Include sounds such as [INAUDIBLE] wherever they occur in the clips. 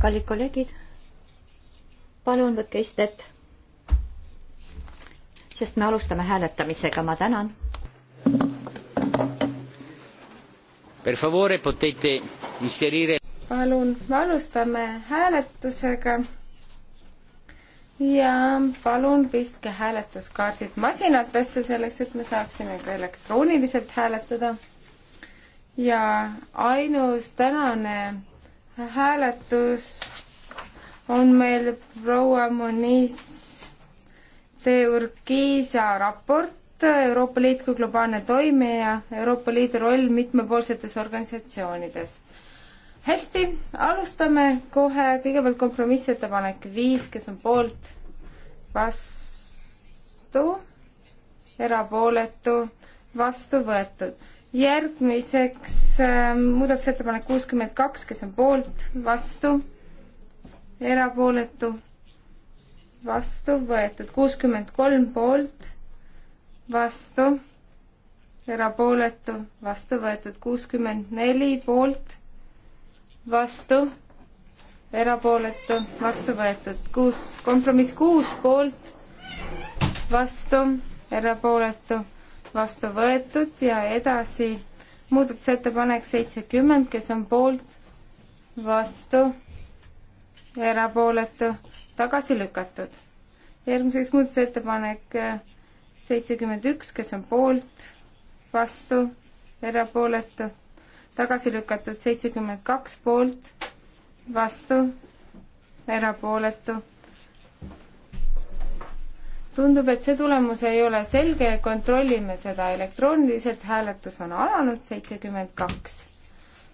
kallid kolleegid, palun võtke istet, sest me alustame hääletamisega, ma tänan. palun, me alustame hääletusega ja palun pistke hääletuskaardid masinatesse selleks, et me saaksime ka elektrooniliselt hääletada. ja ainus tänane hääletus on meil proua Moniz Teurkiisa raport Euroopa Liit kui globaalne toimija, Euroopa Liidu roll mitmepoolsetes organisatsioonides. hästi, alustame kohe, kõigepealt kompromissettepanek viis, kes on poolt, vastu, erapooletu, vastu võetud järgmiseks ähm, muudatusettepanek kuuskümmend kaks, kes on poolt, vastu, erapooletu, vastu võetud, kuuskümmend kolm poolt, vastu, erapooletu, vastu võetud, kuuskümmend neli poolt, vastu, erapooletu, vastu võetud, kuus, kompromiss kuus poolt, vastu, erapooletu vastu võetud ja edasi muudatusettepanek seitsekümmend, kes on poolt, vastu, erapooletu, tagasi lükatud. järgmiseks muudatusettepanek seitsekümmend üks, kes on poolt, vastu, erapooletu, tagasi lükatud, seitsekümmend kaks poolt, vastu, erapooletu tundub, et see tulemus ei ole selge, kontrollime seda elektrooniliselt, hääletus on alanud, seitsekümmend kaks.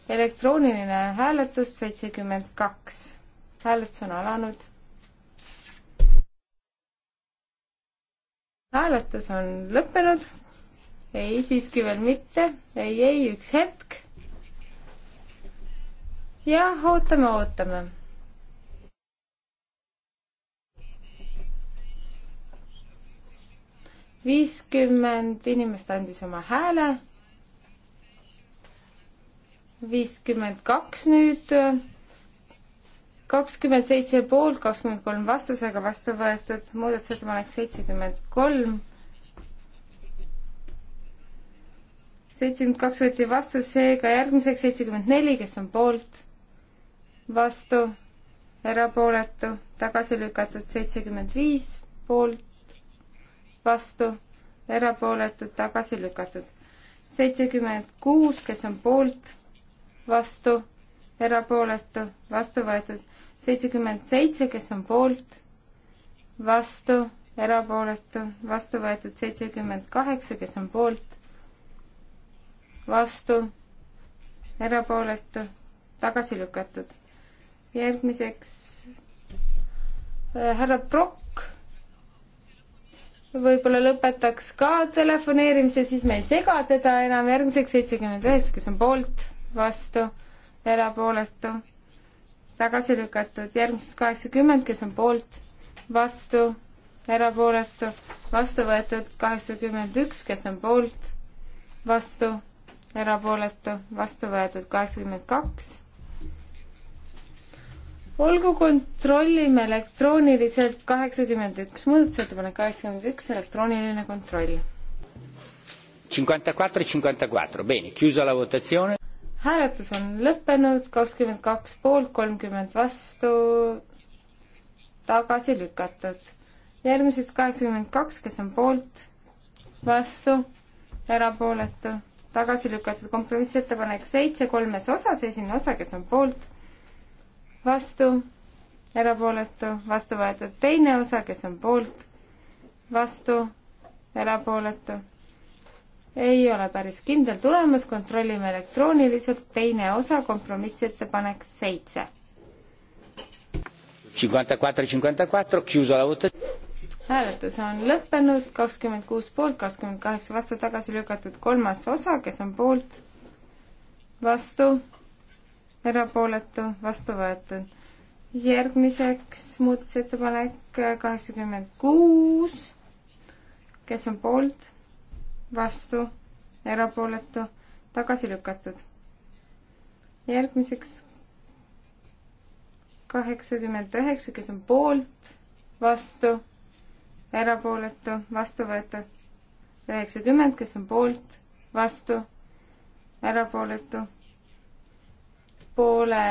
elektrooniline hääletus seitsekümmend kaks, hääletus on alanud. hääletus on lõppenud. ei, siiski veel mitte, ei, ei, üks hetk. jah, ootame, ootame viiskümmend inimest andis oma hääle. viiskümmend kaks nüüd, kakskümmend seitse poolt, kakskümmend kolm vastusega vastu võetud, muudatusettepanek seitsekümmend kolm. seitsekümmend kaks võeti vastu, seega järgmiseks seitsekümmend neli, kes on poolt, vastu, erapooletu, tagasi lükatud seitsekümmend viis poolt, vastu, erapooletud, tagasi lükatud. seitsekümmend kuus, kes on poolt, vastu, erapooletu, vastu võetud. seitsekümmend seitse, kes on poolt, vastu, erapooletu, vastu võetud. seitsekümmend kaheksa, kes on poolt, vastu, erapooletu, tagasi lükatud. järgmiseks härra Prokk võib-olla lõpetaks ka telefoneerimise, siis me ei sega teda enam, järgmiseks seitsekümmend üheksa, kes on poolt, vastu, erapooletu, tagasi lükatud, järgmiseks kaheksakümmend, kes on poolt, vastu, erapooletu, vastu võetud kaheksakümmend üks, kes on poolt, vastu, erapooletu, vastu võetud kaheksakümmend kaks olgu, kontrollime elektrooniliselt kaheksakümmend üks, muudatusettepanek kaheksakümmend üks, elektrooniline kontroll. E hääletus on lõppenud, kakskümmend kaks poolt, kolmkümmend vastu, tagasi lükatud. järgmiseks kaheksakümmend kaks, kes on poolt, vastu, erapooletu, tagasi lükatud kompromissettepanek seitse kolmes osas, esimene osa, kes on poolt vastu, erapooletu, vastu võetud teine osa, kes on poolt, vastu, erapooletu. ei ole päris kindel tulemus, kontrollime elektrooniliselt, teine osa, kompromissettepanek seitse. hääletus on lõppenud, kakskümmend kuus poolt, kakskümmend kaheksa vastu tagasi lükatud kolmas osa, kes on poolt, vastu erapooletu, vastu võetud. järgmiseks muudatusettepanek kaheksakümmend kuus, kes on poolt, vastu, erapooletu, tagasi lükatud. järgmiseks kaheksakümmend üheksa, kes on poolt, vastu, erapooletu, vastu võetud. üheksakümmend, kes on poolt, vastu, erapooletu pole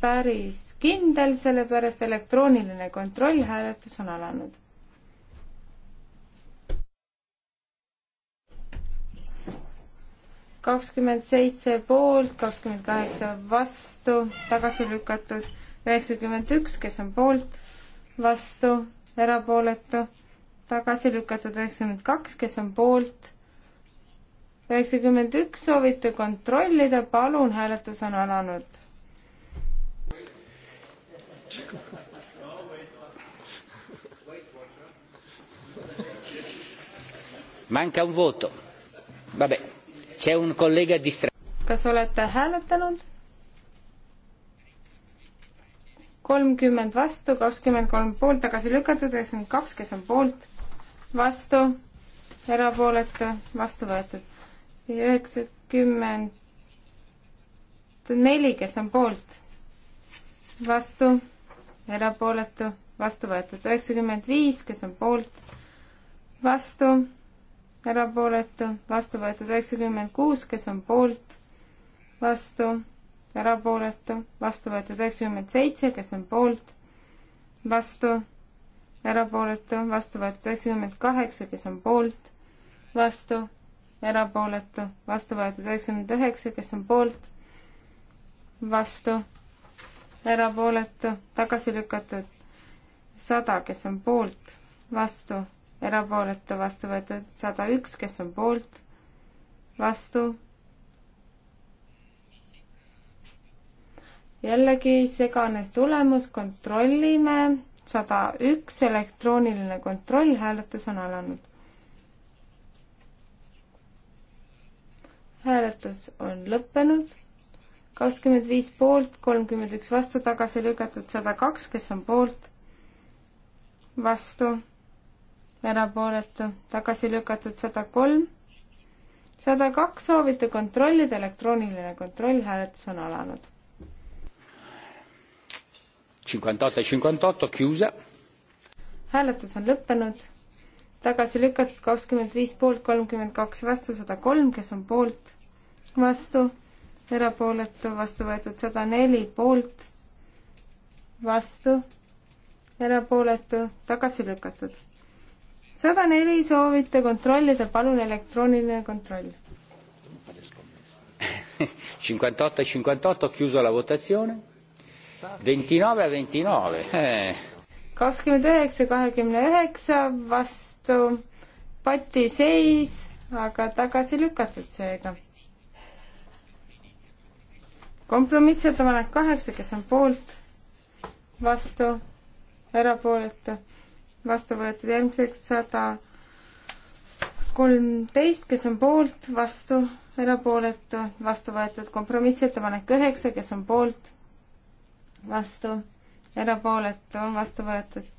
päris kindel, sellepärast elektrooniline kontrollhääletus on alanud. kakskümmend seitse poolt, kakskümmend kaheksa vastu, tagasi lükatud üheksakümmend üks, kes on poolt, vastu, erapooletu, tagasi lükatud üheksakümmend kaks, kes on poolt üheksakümmend üks soovite kontrollida, palun, hääletus on alanud. Manca un voto. Vabbè, c'è un collega distra-. kas olete hääletanud? kolmkümmend vastu, kakskümmend kolm poolt, tagasi lükatud, üheksakümmend kaks, kes on poolt, vastu, erapooletu, vastu võetud üheksakümmend neli, kes on poolt, vastu, erapooletu, vastu võetud. üheksakümmend viis, kes on poolt, vastu, erapooletu, vastu võetud. üheksakümmend kuus, kes on poolt, vastu, erapooletu, vastu võetud. üheksakümmend seitse, kes on poolt, vastu, erapooletu, vastu võetud. üheksakümmend kaheksa, kes on poolt, vastu erapooletu, vastu võetud üheksakümmend üheksa, kes on poolt, vastu, erapooletu, tagasi lükatud sada, kes on poolt, vastu, erapooletu, vastu võetud sada üks, kes on poolt, vastu. jällegi segane tulemus, kontrollime, sada üks, elektrooniline kontroll, hääletus on alanud hääletus on lõppenud. kakskümmend viis poolt, kolmkümmend üks vastu, tagasi lükatud sada kaks, kes on poolt, vastu, erapooletu, tagasi lükatud sada kolm, sada kaks soovite kontrollida, elektrooniline kontroll, hääletus on alanud. E hääletus on lõppenud tagasi lükatud kakskümmend viis poolt, kolmkümmend kaks vastu, sada kolm, kes on poolt, vastu, erapooletu, vastu võetud sada neli poolt, vastu, erapooletu, tagasi lükatud. sada neli soovite kontrollida, palun elektrooniline kontroll. [LAUGHS] cinquantotto e cinquantotto, chiuso la votazione. ventinove a ventinove eh. kakskümmend üheksa, kahekümne üheksa vastu patiseis, aga tagasi lükatud seega kompromissettepanek kaheksa, kes on poolt, vastu, erapooletu, vastu võetud järgmiseks sada kolmteist, kes on poolt, vastu, erapooletu, vastu võetud kompromissettepanek üheksa, kes on poolt, vastu, erapooletu, vastu võetud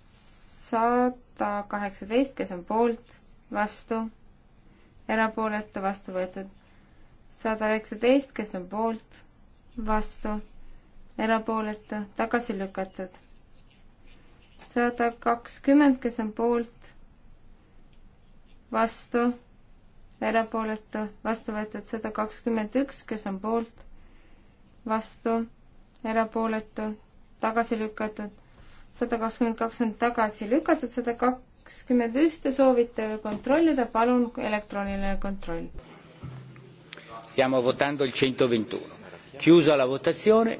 sada kaheksateist, kes on poolt, vastu, erapooletu, vastu võetud sada üheksateist, kes on poolt, vastu, erapooletu, tagasi lükatud. sada kakskümmend, kes on poolt, vastu, erapooletu, vastu võetud sada kakskümmend üks, kes on poolt, vastu, erapooletu, tagasi lükatud. sada kakskümmend kaks on tagasi lükatud, sada kakskümmend ühte soovite kontrollida, palun elektrooniline kontroll Stiamo votando il 121. Chiusa la votazione.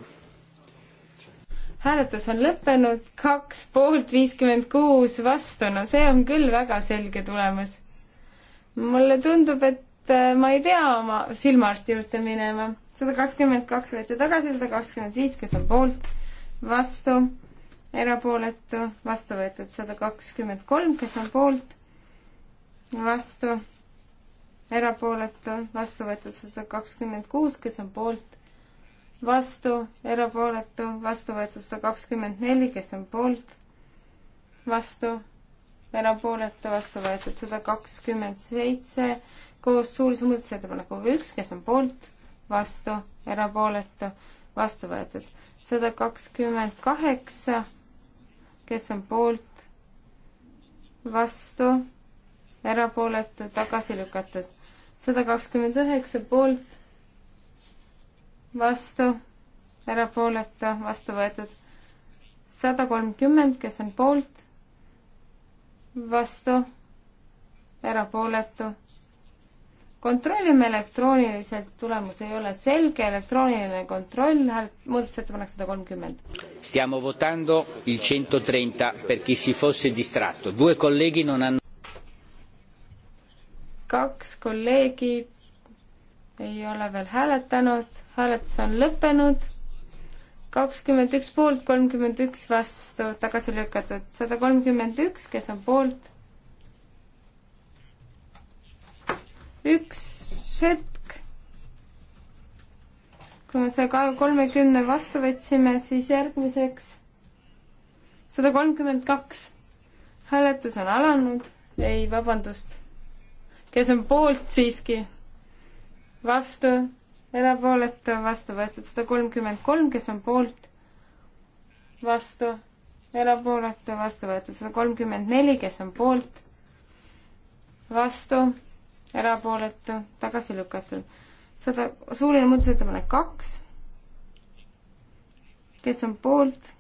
hääletus on lõppenud, kaks poolt viiskümmend kuus vastu, no see on küll väga selge tulemus. mulle tundub, et äh, ma ei pea oma silmaarsti juurde minema. sada kakskümmend kaks võeti tagasi, sada kakskümmend viis, kes on poolt, vastu, erapooletu, vastu võetud sada kakskümmend kolm, kes on poolt, vastu erapooletu, vastu võetud sada kakskümmend kuus, kes on poolt, vastu, erapooletu, vastu võetud sada kakskümmend neli, kes on poolt, vastu, erapooletu, vastu võetud sada kakskümmend seitse, koos suulise muudatusettepanekuga üks, kes on poolt, vastu, erapooletu, vastu võetud sada kakskümmend kaheksa, kes on poolt, vastu, erapooletu, tagasi lükatud sada kakskümmend üheksa poolt, vastu, erapooletu, vastu võetud. sada kolmkümmend, kes on poolt, vastu, erapooletu. kontrollime elektrooniliselt, tulemus ei ole selge, elektrooniline kontroll, muudatusettepanek sada kolmkümmend. Stiamo votando il centotrenta perché si fosse distratto, due colleghi non hanno kaks kolleegi ei ole veel hääletanud, hääletus on lõppenud. kakskümmend üks poolt, kolmkümmend üks vastu, tagasi lükatud sada kolmkümmend üks, kes on poolt. üks hetk. kui me selle kolmekümne vastu võtsime, siis järgmiseks sada kolmkümmend kaks. hääletus on alanud, ei, vabandust kes on poolt siiski, vastu, erapooletu, vastu võetud sada kolmkümmend kolm, kes on poolt, vastu, erapooletu, vastu võetud sada kolmkümmend neli, kes on poolt, vastu, erapooletu, tagasi lükatud. sada, suuline muudatusettepanek kaks kes on poolt,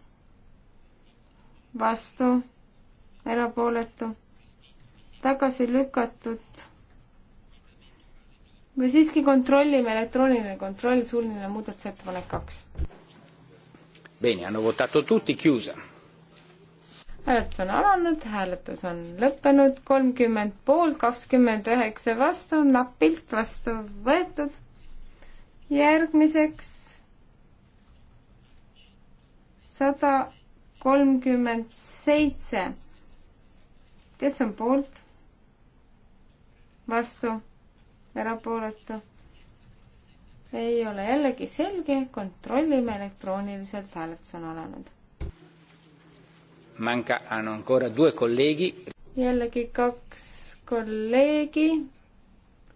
vastu, erapooletu, tagasi lükatud me siiski kontrollime, elektrooniline kontroll, suuline muudatusettepanek kaks. Bene, hanno votato tutti, chiusa. hääletus on alanud, hääletus on lõppenud, kolmkümmend poolt, kakskümmend üheksa vastu, napilt vastu võetud. järgmiseks sada kolmkümmend seitse. kes on poolt? vastu erapooletu. ei ole jällegi selge, kontrollime elektrooniliselt, hääletus on alanud. Manca hanno ancora due colleghi. jällegi kaks kolleegi,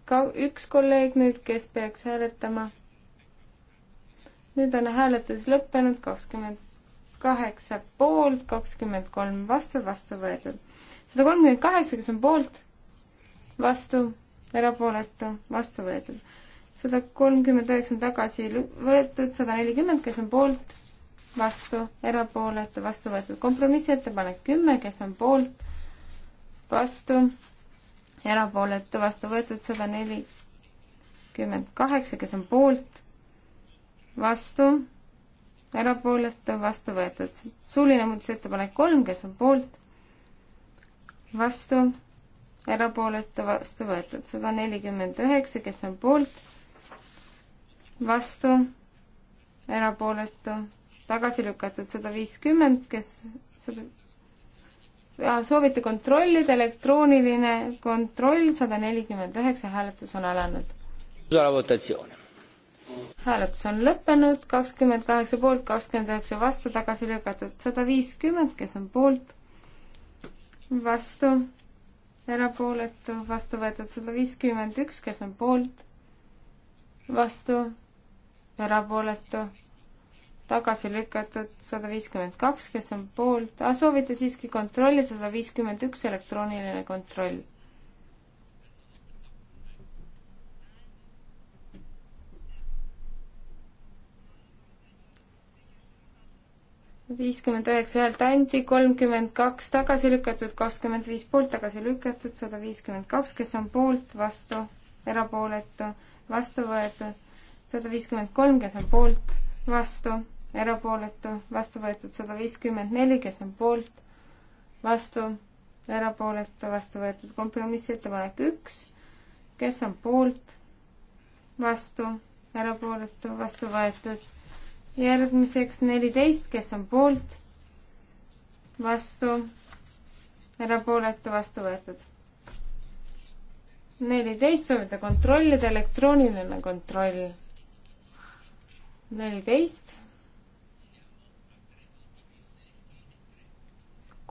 ka üks kolleeg nüüd, kes peaks hääletama. nüüd on hääletus lõppenud, kakskümmend kaheksa poolt, kakskümmend kolm vastu, vastu võetud. sada kolmkümmend kaheksa, kes on poolt, vastu erapooletu, vastu võetud. sada kolmkümmend üheksa on tagasi võetud, sada nelikümmend, kes on poolt, vastu, erapooletu, vastu võetud. kompromissettepanek kümme, kes on poolt, vastu, erapooletu, vastu võetud, sada nelikümmend kaheksa, kes on poolt, vastu, erapooletu, vastu võetud. suuline muudatusettepanek kolm, kes on poolt, vastu erapooletu vastu võetud. sada nelikümmend üheksa, kes on poolt, vastu, erapooletu, tagasi lükatud. sada viiskümmend, kes sada soovite kontrollida, elektrooniline kontroll sada nelikümmend üheksa, hääletus on alanud. hääletus on lõppenud, kakskümmend kaheksa poolt, kakskümmend üheksa vastu, tagasi lükatud sada viiskümmend, kes on poolt, vastu, erapooletu, vastu võetud sada viiskümmend üks, kes on poolt, vastu, erapooletu, tagasi lükatud sada viiskümmend kaks, kes on poolt, ah, soovite siiski kontrollida sada viiskümmend üks, elektrooniline kontroll viiskümmend üheksa häält anti, kolmkümmend kaks tagasi lükatud, kakskümmend viis poolt tagasi lükatud, sada viiskümmend kaks, kes on poolt, vastu, erapooletu, vastu võetud, sada viiskümmend kolm, kes on poolt, vastu, erapooletu, vastu võetud, sada viiskümmend neli, kes on poolt, vastu, erapooletu, vastu võetud, kompromissettepanek üks, kes on poolt, vastu, erapooletu, vastu võetud järgmiseks neliteist, kes on poolt, vastu, erapooletu, vastu võetud. neliteist soovite kontrollida, elektrooniline kontroll. neliteist.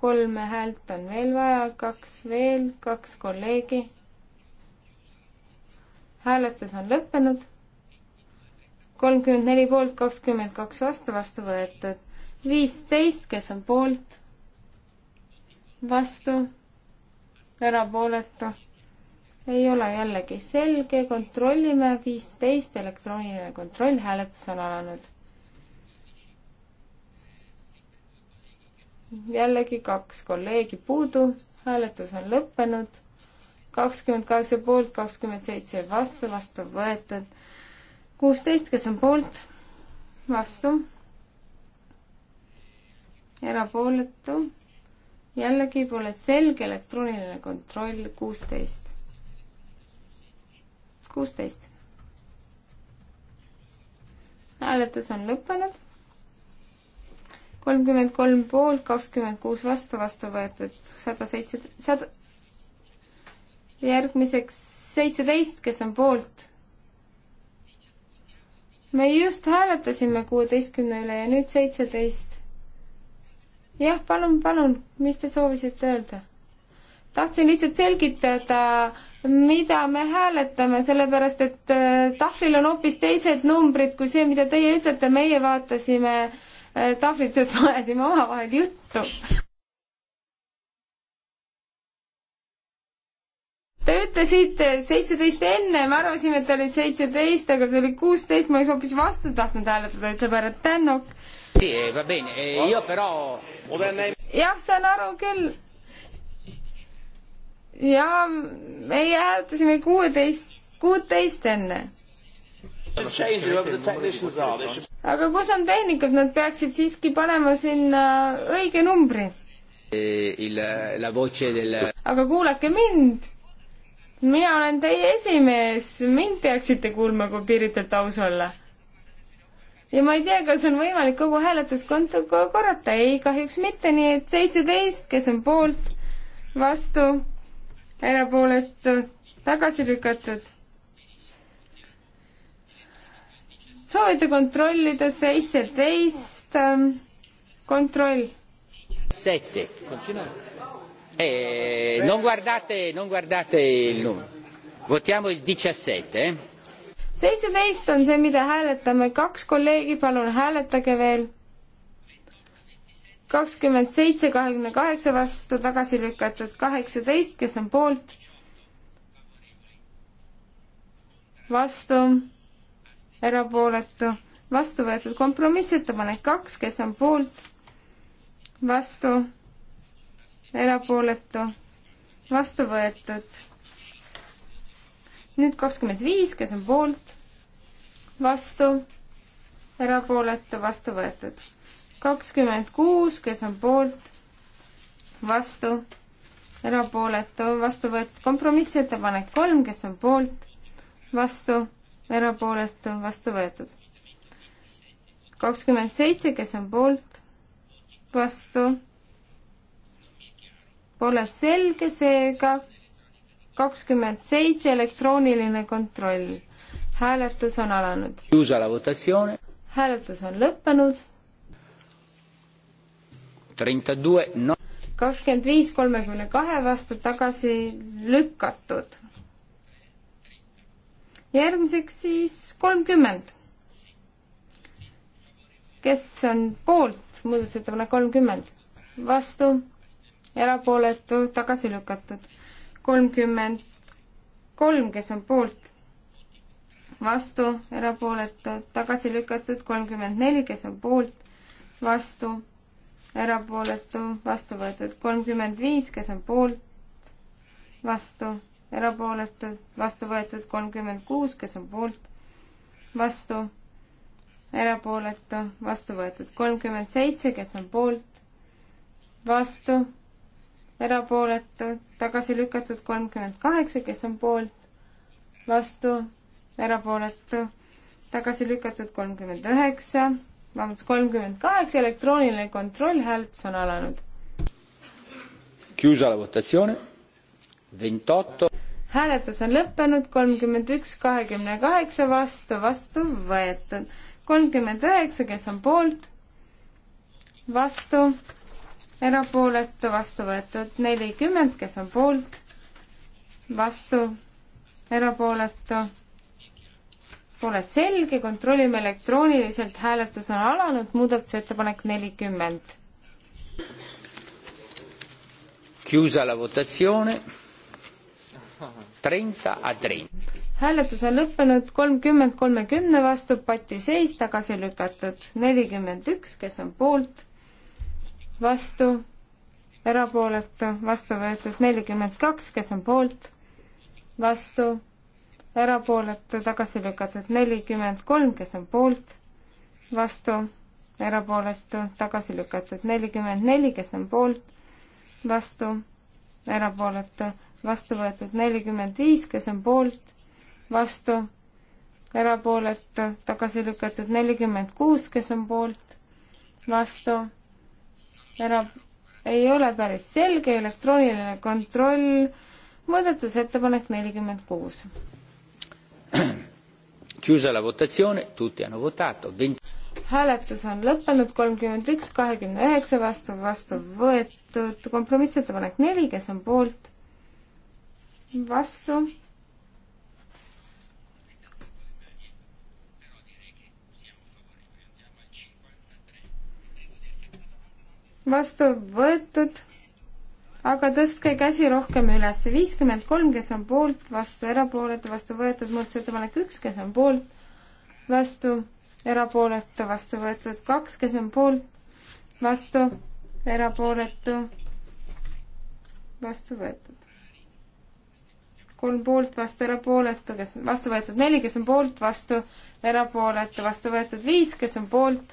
kolme häält on veel vaja, kaks veel, kaks kolleegi. hääletus on lõppenud kolmkümmend neli poolt, kakskümmend kaks vastu, vastu võetud. viisteist, kes on poolt, vastu, erapooletu. ei ole jällegi selge, kontrollime, viisteist, elektrooniline kontroll, hääletus on alanud. jällegi kaks kolleegi puudu, hääletus on lõppenud kakskümmend kaheksa poolt, kakskümmend seitse vastu, vastu võetud kuusteist, kes on poolt, vastu, erapooletu, jällegi pole selge elektrooniline kontroll, kuusteist. kuusteist. hääletus on lõppenud. kolmkümmend kolm poolt, kakskümmend kuus vastu, vastu võetud sada seitse, sada. järgmiseks seitseteist, kes on poolt me just hääletasime kuueteistkümne üle ja nüüd seitseteist. jah, palun, palun, mis te soovisite öelda? tahtsin lihtsalt selgitada, mida me hääletame, sellepärast et äh, tahvlil on hoopis teised numbrid kui see, mida teie ütlete, meie vaatasime äh, tahvlit, sest me ajasime omavahel juttu Te ütlesite seitseteist enne, me arvasime, et oli seitseteist, aga see oli kuusteist, ma oleks hoopis vastu tahtnud hääletada, ütleb härra Tännok. Eh, eh, jah, saan aru küll. ja meie hääletasime kuueteist, kuuteist enne. aga kus on tehnikud, nad peaksid siiski panema sinna õige numbri. Eh, aga kuulake mind mina olen teie esimees, mind peaksite kuulma, kui piiritult aus olla. ja ma ei tea, kas on võimalik kogu hääletuskonto korrata, ei kahjuks mitte, nii et seitseteist, kes on poolt, vastu, erapooletud, tagasi lükatud. soovite kontrollida seitseteist, ähm, kontroll. sete. Eh, non, guardate, non guardate il numero. Votiamo il 17. Eh? seitseteist on see, mida hääletame, kaks kolleegi, palun hääletage veel. kakskümmend seitse, kahekümne kaheksa vastu tagasi lükatud, kaheksateist, kes on poolt? vastu, erapooletu, vastu võetud kompromissettepanek kaks, kes on poolt? vastu erapooletu, vastu võetud. nüüd kakskümmend viis, kes on poolt, vastu, erapooletu, vastu võetud. kakskümmend kuus, kes on poolt, vastu, erapooletu, vastu võetud. kompromissettepanek kolm, kes on poolt, vastu, erapooletu, vastu võetud kakskümmend seitse, kes on poolt, vastu, pole selge, seega kakskümmend seitse elektrooniline kontroll. hääletus on alanud. hääletus on lõppenud. kakskümmend viis kolmekümne kahe vastu tagasi lükatud. järgmiseks siis kolmkümmend. kes on poolt muudatusettepanek kolmkümmend? vastu erapooletu, tagasi lükatud. kolmkümmend kolm, kes on poolt, vastu, erapooletu, tagasi lükatud. kolmkümmend neli, kes on poolt, vastu, erapooletu, vastu võetud. kolmkümmend viis, kes on poolt, vastu, erapooletu, vastu võetud. kolmkümmend kuus, kes on poolt, vastu erapooletu, vastu võetud kolmkümmend seitse, kes on poolt, vastu, erapooletud, tagasi lükatud kolmkümmend kaheksa, kes on poolt, vastu, erapooletu, tagasi lükatud kolmkümmend üheksa, vabandust, kolmkümmend kaheksa, elektrooniline kontroll, hääletus on alanud. hääletus on lõppenud, kolmkümmend üks, kahekümne kaheksa vastu, vastu võetud. kolmkümmend üheksa, kes on poolt, vastu erapooletu, vastu võetud nelikümmend, kes on poolt, vastu, erapooletu. Pole selge, kontrollime elektrooniliselt, hääletus on alanud, muudatusettepanek nelikümmend. Chiusa la votazione. Trenta a trenta. hääletus on lõppenud kolmkümmend kolmekümne vastu, patiseis tagasi lükatud, nelikümmend üks, kes on poolt vastu, erapooletu, vastu võetud nelikümmend kaks, kes on poolt, vastu, erapooletu, tagasi lükatud nelikümmend kolm, kes on poolt, vastu, erapooletu, tagasi lükatud nelikümmend neli, kes on poolt, vastu, erapooletu, vastu võetud nelikümmend viis, kes on poolt, vastu, erapooletu, tagasi lükatud nelikümmend kuus, kes on poolt, vastu, enam ei ole päris selge, elektrooniline kontroll, muudatusettepanek nelikümmend kuus. [CLEARS THROAT] Chiusa la votazione, tutti hanno votato. hääletus on lõppenud, kolmkümmend üks, kahekümne üheksa vastu, vastu võetud, kompromissettepanek neli, kes on poolt, vastu vastu võetud, aga tõstke käsi rohkem üles. viiskümmend kolm, kes on poolt, vastu, erapooletu, vastu võetud, muudatusettepanek üks, kes on poolt, vastu, erapooletu, vastu võetud, kaks, kes on poolt, vastu, erapooletu, vastu võetud. kolm poolt, vastu, erapooletu, kes on vastu võetud, neli, kes on poolt, vastu, erapooletu, vastu võetud, viis, kes on poolt,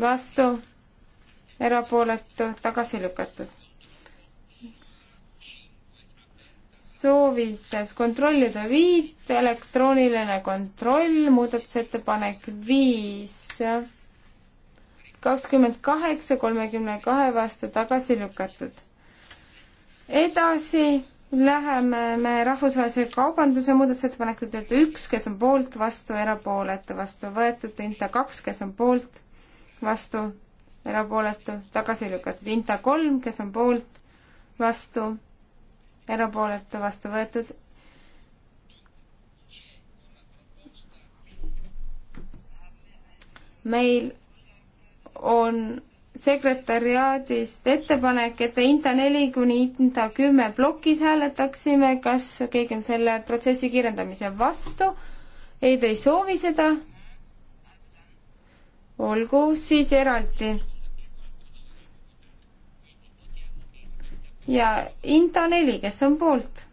vastu erapooletu, tagasi lükatud. soovides kontrollida viit, elektrooniline kontroll, muudatusettepanek viis, kakskümmend kaheksa, kolmekümne kahe vastu tagasi lükatud. edasi läheme me rahvusvahelise kaubanduse muudatusettepanekute juurde üks, kes on poolt, vastu, erapooletu, vastu võetud, Inta kaks, kes on poolt, vastu, erapooletu, tagasi lükatud. Inta kolm, kes on poolt, vastu, erapooletu, vastu võetud. meil on sekretäriaadist ettepanek, et Inta neli kuni Inta kümme plokis hääletaksime, kas keegi on selle protsessi kiirendamise vastu? ei, te ei soovi seda? olgu siis eraldi ja Inta neli, kes on poolt,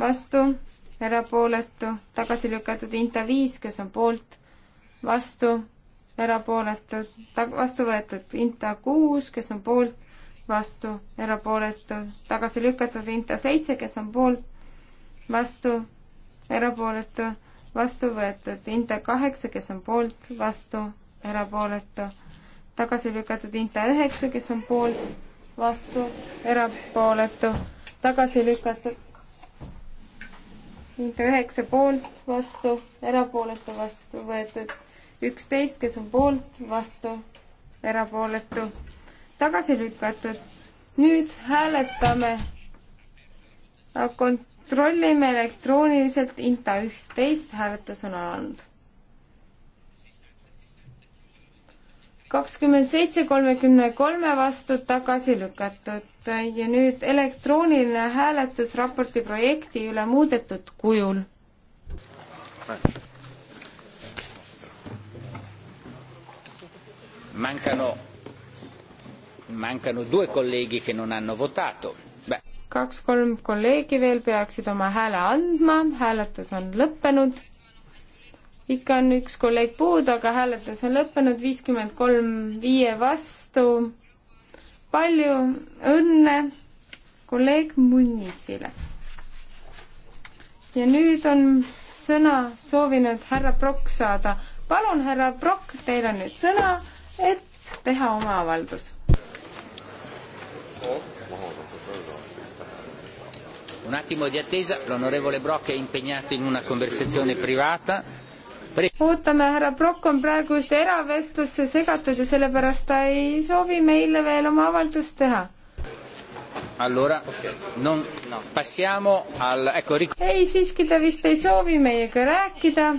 vastu, erapooletu, tagasi lükatud Inta viis, kes on poolt, vastu, erapooletu, vastu võetud Inta kuus, kes on poolt, vastu, erapooletu, tagasi lükatud Inta seitse, kes on poolt, vastu, erapooletu, vastu võetud Inta kaheksa, kes on poolt, vastu, erapooletu, tagasi lükatud Inta üheksa, kes on poolt vastu, erapooletu, tagasi lükatud. üheksa poolt, vastu, erapooletu, vastu võetud. üksteist, kes on poolt, vastu, erapooletu, tagasi lükatud. nüüd hääletame. kontrollime elektrooniliselt INTA üht-teist, hääletus on alanud. kakskümmend seitse kolmekümne kolme vastu tagasi lükatud ja nüüd elektrooniline hääletus raporti projekti üle muudetud kujul. Mancano, mancano due colleghi che non hanno votato. kaks-kolm kolleegi veel peaksid oma hääle andma, hääletus on lõppenud ikka on üks kolleeg puudu, aga hääletus on lõppenud, viiskümmend kolm viie vastu. palju õnne kolleeg Munnisile. ja nüüd on sõna soovinud härra Prokk saada. palun, härra Prokk, teil on nüüd sõna, et teha oma avaldus. Un attimo di attesa, l'onorevole Brock è impegnato in una conversazione privata ootame, härra Prokk on praegu ühte eravestlusse segatud ja sellepärast ta ei soovi meile veel oma avaldust teha. Allora, non, no, passiamo al, ecco, ric- ei, siiski ta vist ei soovi meiega rääkida.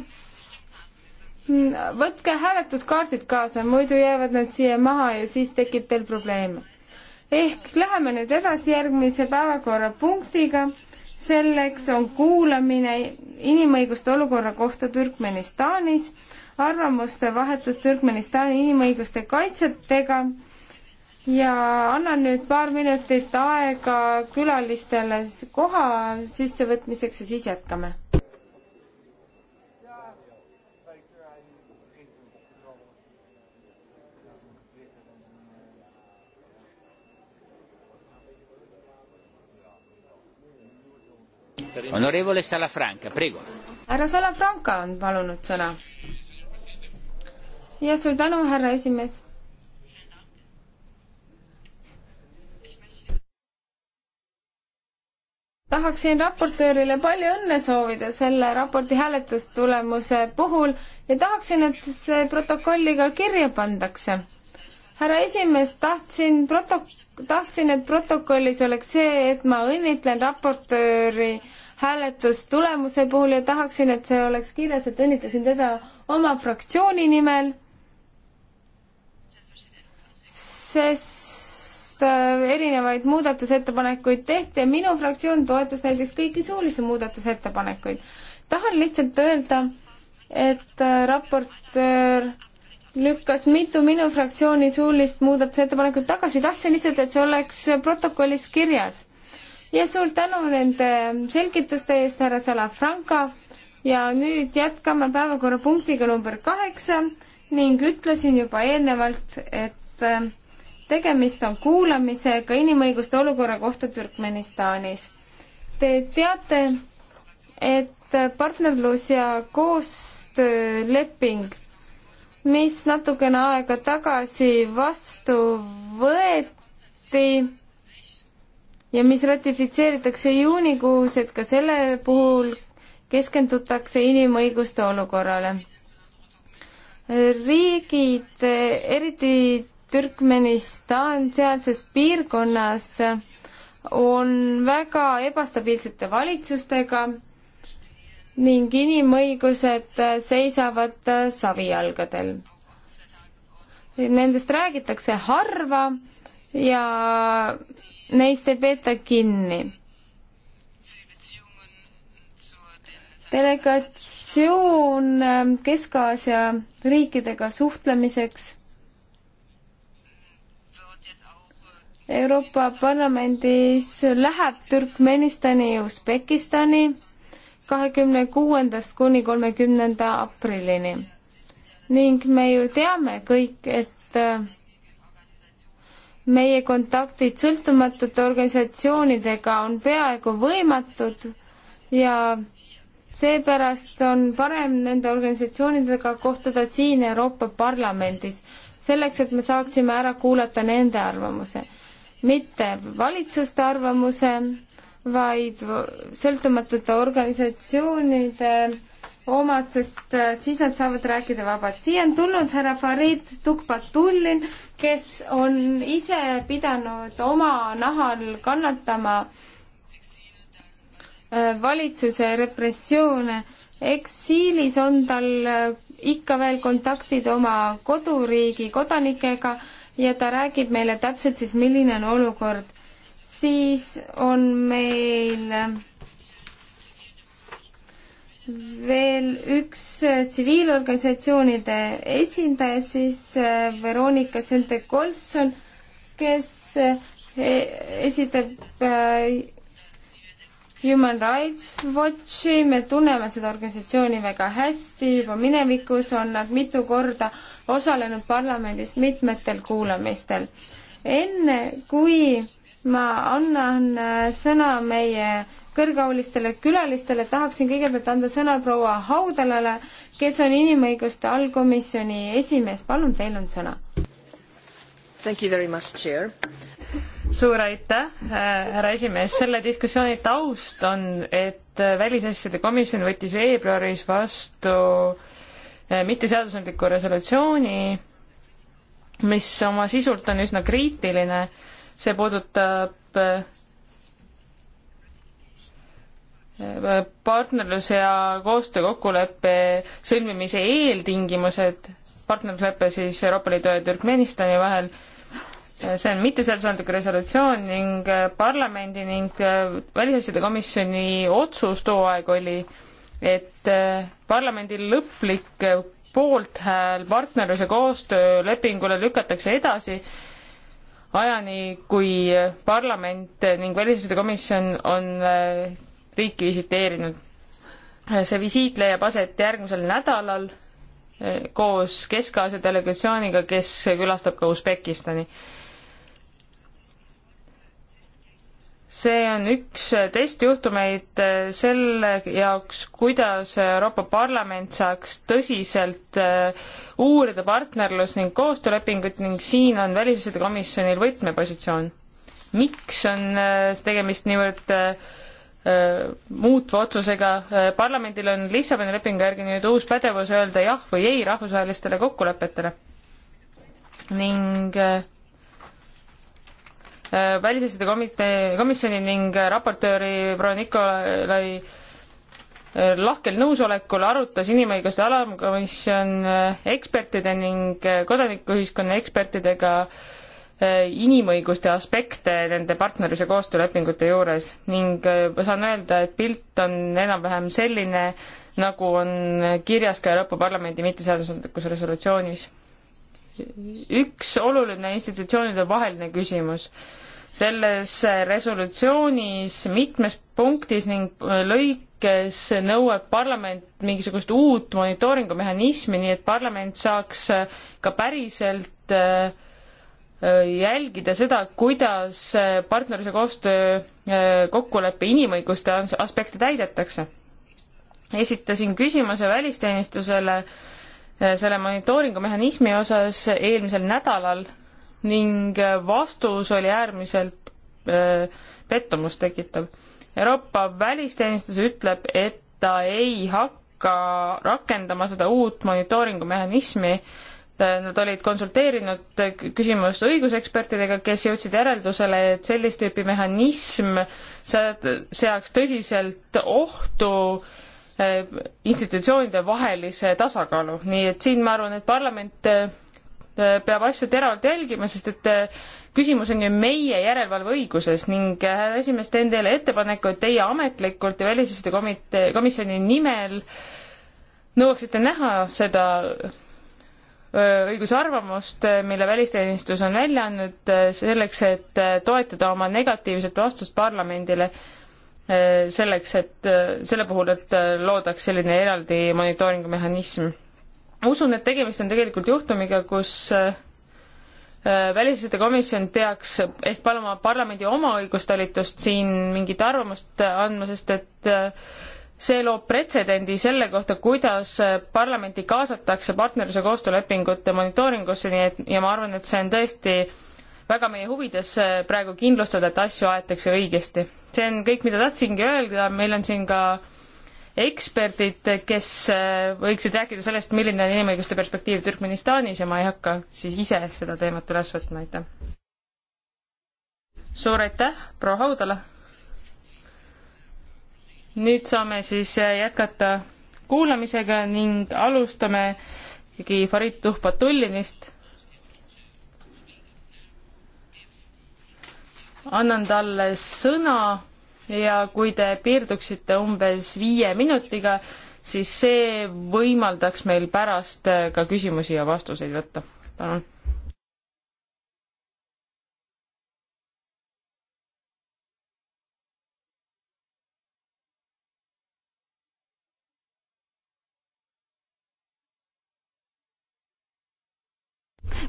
Mm, võtke hääletuskaardid kaasa, muidu jäävad nad siia maha ja siis tekib teil probleeme. ehk läheme nüüd edasi järgmise päevakorrapunktiga selleks on kuulamine inimõiguste olukorra kohta Türkmenistanis, arvamuste vahetus Türkmenistani inimõiguste kaitsjatega ja annan nüüd paar minutit aega külalistele koha sissevõtmiseks ja siis jätkame Honorevole Salafranca, prego. härra Salafranca on palunud sõna. ja suur tänu, härra esimees tahaksin raportöörile palju õnne soovida selle raporti hääletustulemuse puhul ja tahaksin, et see protokolli ka kirja pandakse. härra esimees, tahtsin proto-, tahtsin, et protokollis oleks see, et ma õnnitlen raportööri hääletustulemuse puhul ja tahaksin, et see oleks kirjas, et õnnitlesin teda oma fraktsiooni nimel, sest äh, erinevaid muudatusettepanekuid tehti ja minu fraktsioon toetas näiteks kõiki suulisi muudatusettepanekuid. tahan lihtsalt öelda, et äh, raportöör lükkas mitu minu fraktsiooni suulist muudatusettepanekut tagasi, tahtsin lihtsalt, et see oleks protokollis kirjas ja suur tänu nende selgituste eest, härra Salafranca ja nüüd jätkame päevakorrapunktiga number kaheksa ning ütlesin juba eelnevalt, et äh, tegemist on kuulamisega inimõiguste olukorra kohta Türkmenistanis. Te teate, et partnerlus ja koostööleping, mis natukene aega tagasi vastu võeti, ja mis ratifitseeritakse juunikuus, et ka selle puhul keskendutakse inimõiguste olukorrale. riigid, eriti Türkmenistan sealses piirkonnas, on väga ebastabiilsete valitsustega ning inimõigused seisavad savijalgadel. Nendest räägitakse harva ja neist ei peeta kinni. delegatsioon ähm, Kesk-Aasia riikidega suhtlemiseks. Euroopa Parlamendis läheb Türkmenistani ja Usbekistani kahekümne kuuendast kuni kolmekümnenda aprillini. ning me ju teame kõik, et äh, meie kontaktid sõltumatute organisatsioonidega on peaaegu võimatud ja seepärast on parem nende organisatsioonidega kohtuda siin Euroopa Parlamendis, selleks et me saaksime ära kuulata nende arvamuse. mitte valitsuste arvamuse, vaid sõltumatute organisatsioonide omad, sest äh, siis nad saavad rääkida vabalt. siia on tulnud härra Farid Tukbatullin, kes on ise pidanud oma nahal kannatama äh, valitsuse repressioone. eksiilis on tal äh, ikka veel kontaktid oma koduriigi kodanikega ja ta räägib meile täpselt siis, milline on olukord. siis on meil veel üks äh, tsiviilorganisatsioonide esindaja, siis äh, Veronika Sente-Kolson, kes äh, e-, esitab Human Rights Watchi, me tunneme seda organisatsiooni väga hästi, juba minevikus on nad mitu korda osalenud parlamendis mitmetel kuulamistel. enne kui ma annan sõna meie kõrgeaulistele külalistele, tahaksin kõigepealt anda sõna proua Haudalale, kes on inimõiguste allkomisjoni esimees, palun, teil on sõna. Thank you very much, chair suur aitäh, äh, härra esimees, selle diskussiooni taust on, et äh, välisasjade komisjon võttis veebruaris vastu äh, mitteseadusandliku resolutsiooni, mis oma sisult on üsna kriitiline, see puudutab partnerlus ja koostöökokkuleppe sõlmimise eeltingimused, partnerluslepe siis Euroopa Liidu ja Türkmenistani vahel, see on mitteseadusandlik resolutsioon ning parlamendi ning välisasjade komisjoni otsus too aeg oli, et parlamendi lõplik poolthääl partnerluse koostöölepingule lükatakse edasi ajani, kui parlament ning välisasjade komisjon on riiki visiteerinud. see visiit leiab aset järgmisel nädalal eh, koos Kesk-Aasia delegatsiooniga, kes külastab ka Usbekistani. see on üks testjuhtumeid eh, selle jaoks, kuidas Euroopa Parlament saaks tõsiselt eh, uurida partnerlus- ning koostöölepingut ning siin on Välisasjade Komisjonil võtmepositsioon. miks on tegemist niivõrd Äh, muutva otsusega. Äh, parlamendil on Lissaboni lepingu järgi nüüd uus pädevus öelda jah või ei rahvusvahelistele kokkulepetele. ning äh, välisasjade komitee, komisjoni ning raportööri proua Nikolai lahkel nõusolekul arutas inimõiguste alamkomisjon ekspertide ning kodanikuühiskonna ekspertidega äh, Äh, inimõiguste aspekte nende partnerluse koostöölepingute juures ning äh, ma saan öelda, et pilt on enam-vähem selline, nagu on kirjas ka Euroopa Parlamendi mitteseaduslikus resolutsioonis. üks oluline institutsioonide vaheline küsimus. selles resolutsioonis mitmes punktis ning äh, lõikes nõuab parlament mingisugust uut monitooringumehhanismi, nii et parlament saaks ka päriselt äh, Äh, jälgida seda, kuidas äh, partnerluse koostöö äh, kokkuleppe inimõiguste aspekte täidetakse. esitasin küsimuse välisteenistusele selle monitooringu mehhanismi osas eelmisel nädalal ning vastus oli äärmiselt pettumust tekitav. Euroopa välisteenistus ütleb, et ta ei hakka rakendama seda uut monitooringu mehhanismi, Nad olid konsulteerinud küsimust õigusekspertidega, kes jõudsid järeldusele, et sellist tüüpi mehhanism seaks tõsiselt ohtu eh, institutsioonide vahelise tasakaalu, nii et siin ma arvan, et parlament eh, peab asja teravalt jälgima, sest et eh, küsimus on ju meie järelevalveõiguses ning härra esimees, teen teile ettepaneku, et teie ametlikult ja välisasjade komitee, komisjoni nimel nõuaksite näha seda õiguse arvamust, mille välisteenistus on välja andnud selleks, et toetada oma negatiivset vastust parlamendile, selleks, et selle puhul, et loodaks selline eraldi monitooringumehhanism. usun, et tegemist on tegelikult juhtumiga, kus välisasjade komisjon peaks ehk paluma parlamendi oma õigustalitust siin mingit arvamust andma, sest et see loob pretsedendi selle kohta, kuidas parlamenti kaasatakse partnerluse koostöölepingute monitooringusse, nii et ja ma arvan, et see on tõesti väga meie huvides eh, praegu kindlustada, et asju aetakse õigesti. see on kõik, mida tahtsingi öelda, meil on siin ka eksperdid, kes eh, võiksid rääkida sellest, milline on inimõiguste perspektiiv Türkmenistanis ja ma ei hakka siis ise seda teemat üles võtma, aitäh. suur aitäh, proua Haudala nüüd saame siis jätkata kuulamisega ning alustame ikkagi Farid Tuhpatullinist. annan talle sõna ja kui te piirduksite umbes viie minutiga, siis see võimaldaks meil pärast ka küsimusi ja vastuseid võtta. tänan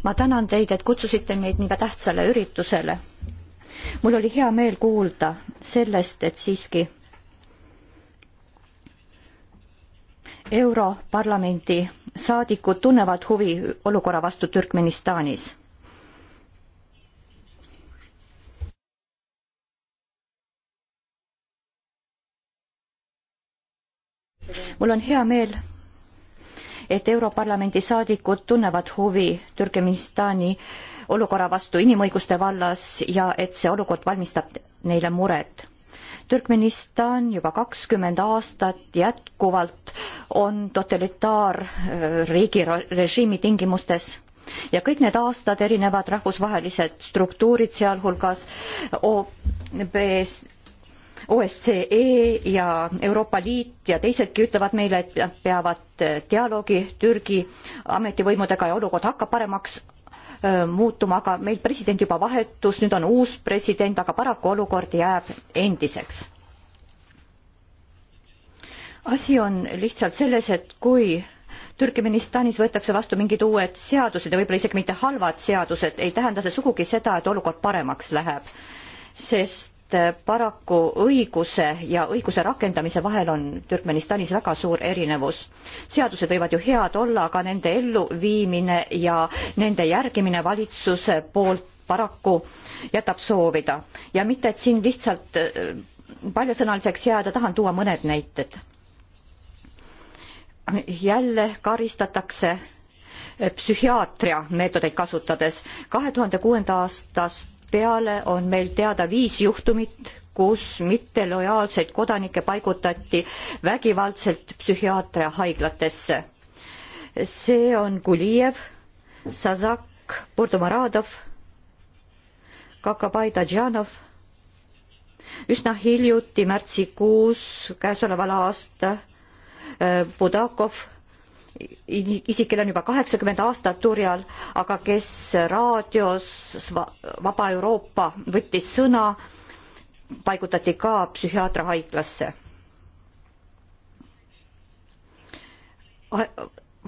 ma tänan teid, et kutsusite meid nii tähtsale üritusele. mul oli hea meel kuulda sellest, et siiski Europarlamendi saadikud tunnevad huvi olukorra vastu Türkmenistanis mul on hea meel et Europarlamendi saadikud tunnevad huvi Türgimistani olukorra vastu inimõiguste vallas ja et see olukord valmistab neile muret. Türkmenistan juba kakskümmend aastat jätkuvalt on totalitaarriigi režiimi tingimustes ja kõik need aastad erinevad rahvusvahelised struktuurid, sealhulgas OBS OSCE ja Euroopa Liit ja teisedki ütlevad meile, et nad peavad äh, dialoogi Türgi ametivõimudega ja olukord hakkab paremaks öö, äh, muutuma, aga meil president juba vahetus, nüüd on uus president, aga paraku olukord jääb endiseks. asi on lihtsalt selles, et kui Türkmenistanis võetakse vastu mingid uued seadused ja võib-olla isegi mitte halvad seadused, ei tähenda see sugugi seda, et olukord paremaks läheb, sest et paraku õiguse ja õiguse rakendamise vahel on Türkmenistanis väga suur erinevus. seadused võivad ju head olla, aga nende elluviimine ja nende järgimine valitsuse poolt paraku jätab soovida ja mitte, et siin lihtsalt äh, paljasõnaliseks jääda, tahan tuua mõned näited. jälle karistatakse äh, psühhiaatria meetodeid kasutades. kahe tuhande kuuenda aastast peale on meil teada viis juhtumit, kus mittelojaalseid kodanikke paigutati vägivaldselt psühhiaatria haiglatesse. see on Gulijev, Sazak, Burdumaradov, Kakabai Dadžanov. üsna hiljuti märtsikuus käesoleval aasta eh, Budakov isik, kellel on juba kaheksakümmend aastat turjal, aga kes raadios Vaba Euroopa võttis sõna, paigutati ka psühhiaatriahaiglasse.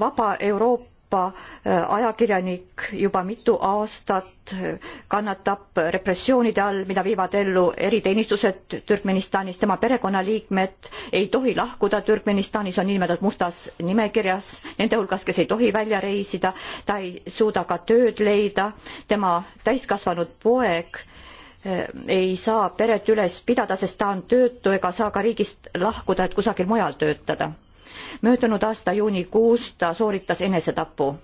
Vaba Euroopa Euroopa äh, ajakirjanik juba mitu aastat äh, kannatab repressioonide all, mida viivad ellu eriteenistused Türkmenistanis, tema perekonnaliikmed ei tohi lahkuda Türkmenistanis, on niinimetatud mustas nimekirjas, nende hulgas, kes ei tohi välja reisida, ta ei suuda ka tööd leida, tema täiskasvanud poeg äh, ei saa peret üles pidada, sest ta on töötu ega saa ka riigist lahkuda, et kusagil mujal töötada möödunud aasta juunikuus ta sooritas enesetapu.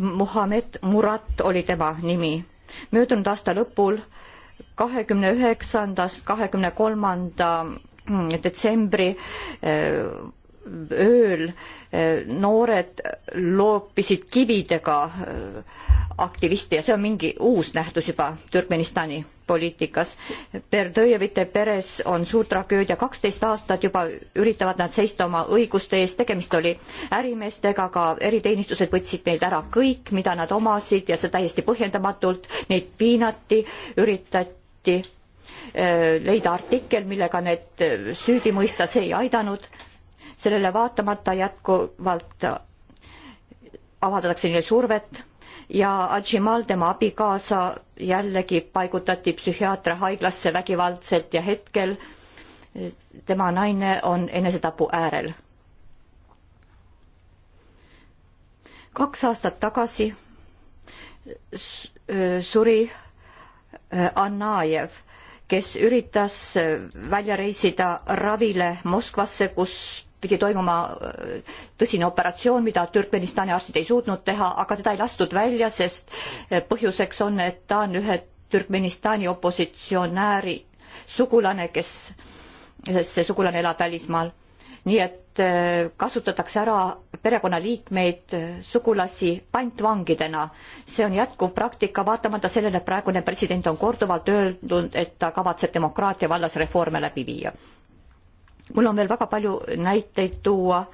Muhamed Murat oli tema nimi. möödunud aasta lõpul kahekümne üheksandast kahekümne kolmanda mm, detsembri ööl noored loopisid kividega aktivisti ja see on mingi uus nähtus juba Türkmenistani poliitikas. Berdõjevite peres on suur tragöödia, kaksteist aastat juba üritavad nad seista oma õiguste eest, tegemist oli ärimeestega, aga eriteenistused võtsid neilt ära kõik, mida nad omasid ja see täiesti põhjendamatult, neid piinati, üritati äh, leida artikkel, millega need äh, süüdi mõista, see ei aidanud. sellele vaatamata jätkuvalt äh, avaldatakse neile survet ja Adžimal, tema abikaasa, jällegi paigutati psühhiaatriahaiglasse vägivaldselt ja hetkel eh, tema naine on enesetapu äärel. kaks aastat tagasi eh, suri eh, Annajev, kes üritas välja reisida ravile Moskvasse, kus pidi toimuma äh, tõsine operatsioon, mida Türkmenistani arstid ei suutnud teha, aga teda ei lastud välja, sest äh, põhjuseks on, et ta on ühe Türkmenistani opositsionääri sugulane, kes, see sugulane elab välismaal. nii et äh, kasutatakse ära perekonnaliikmeid, sugulasi pantvangidena. see on jätkuv praktika, vaatamata sellele praegune president on korduvalt öelnud, et ta kavatseb demokraatia vallas reforme läbi viia mul on veel väga palju näiteid tuua.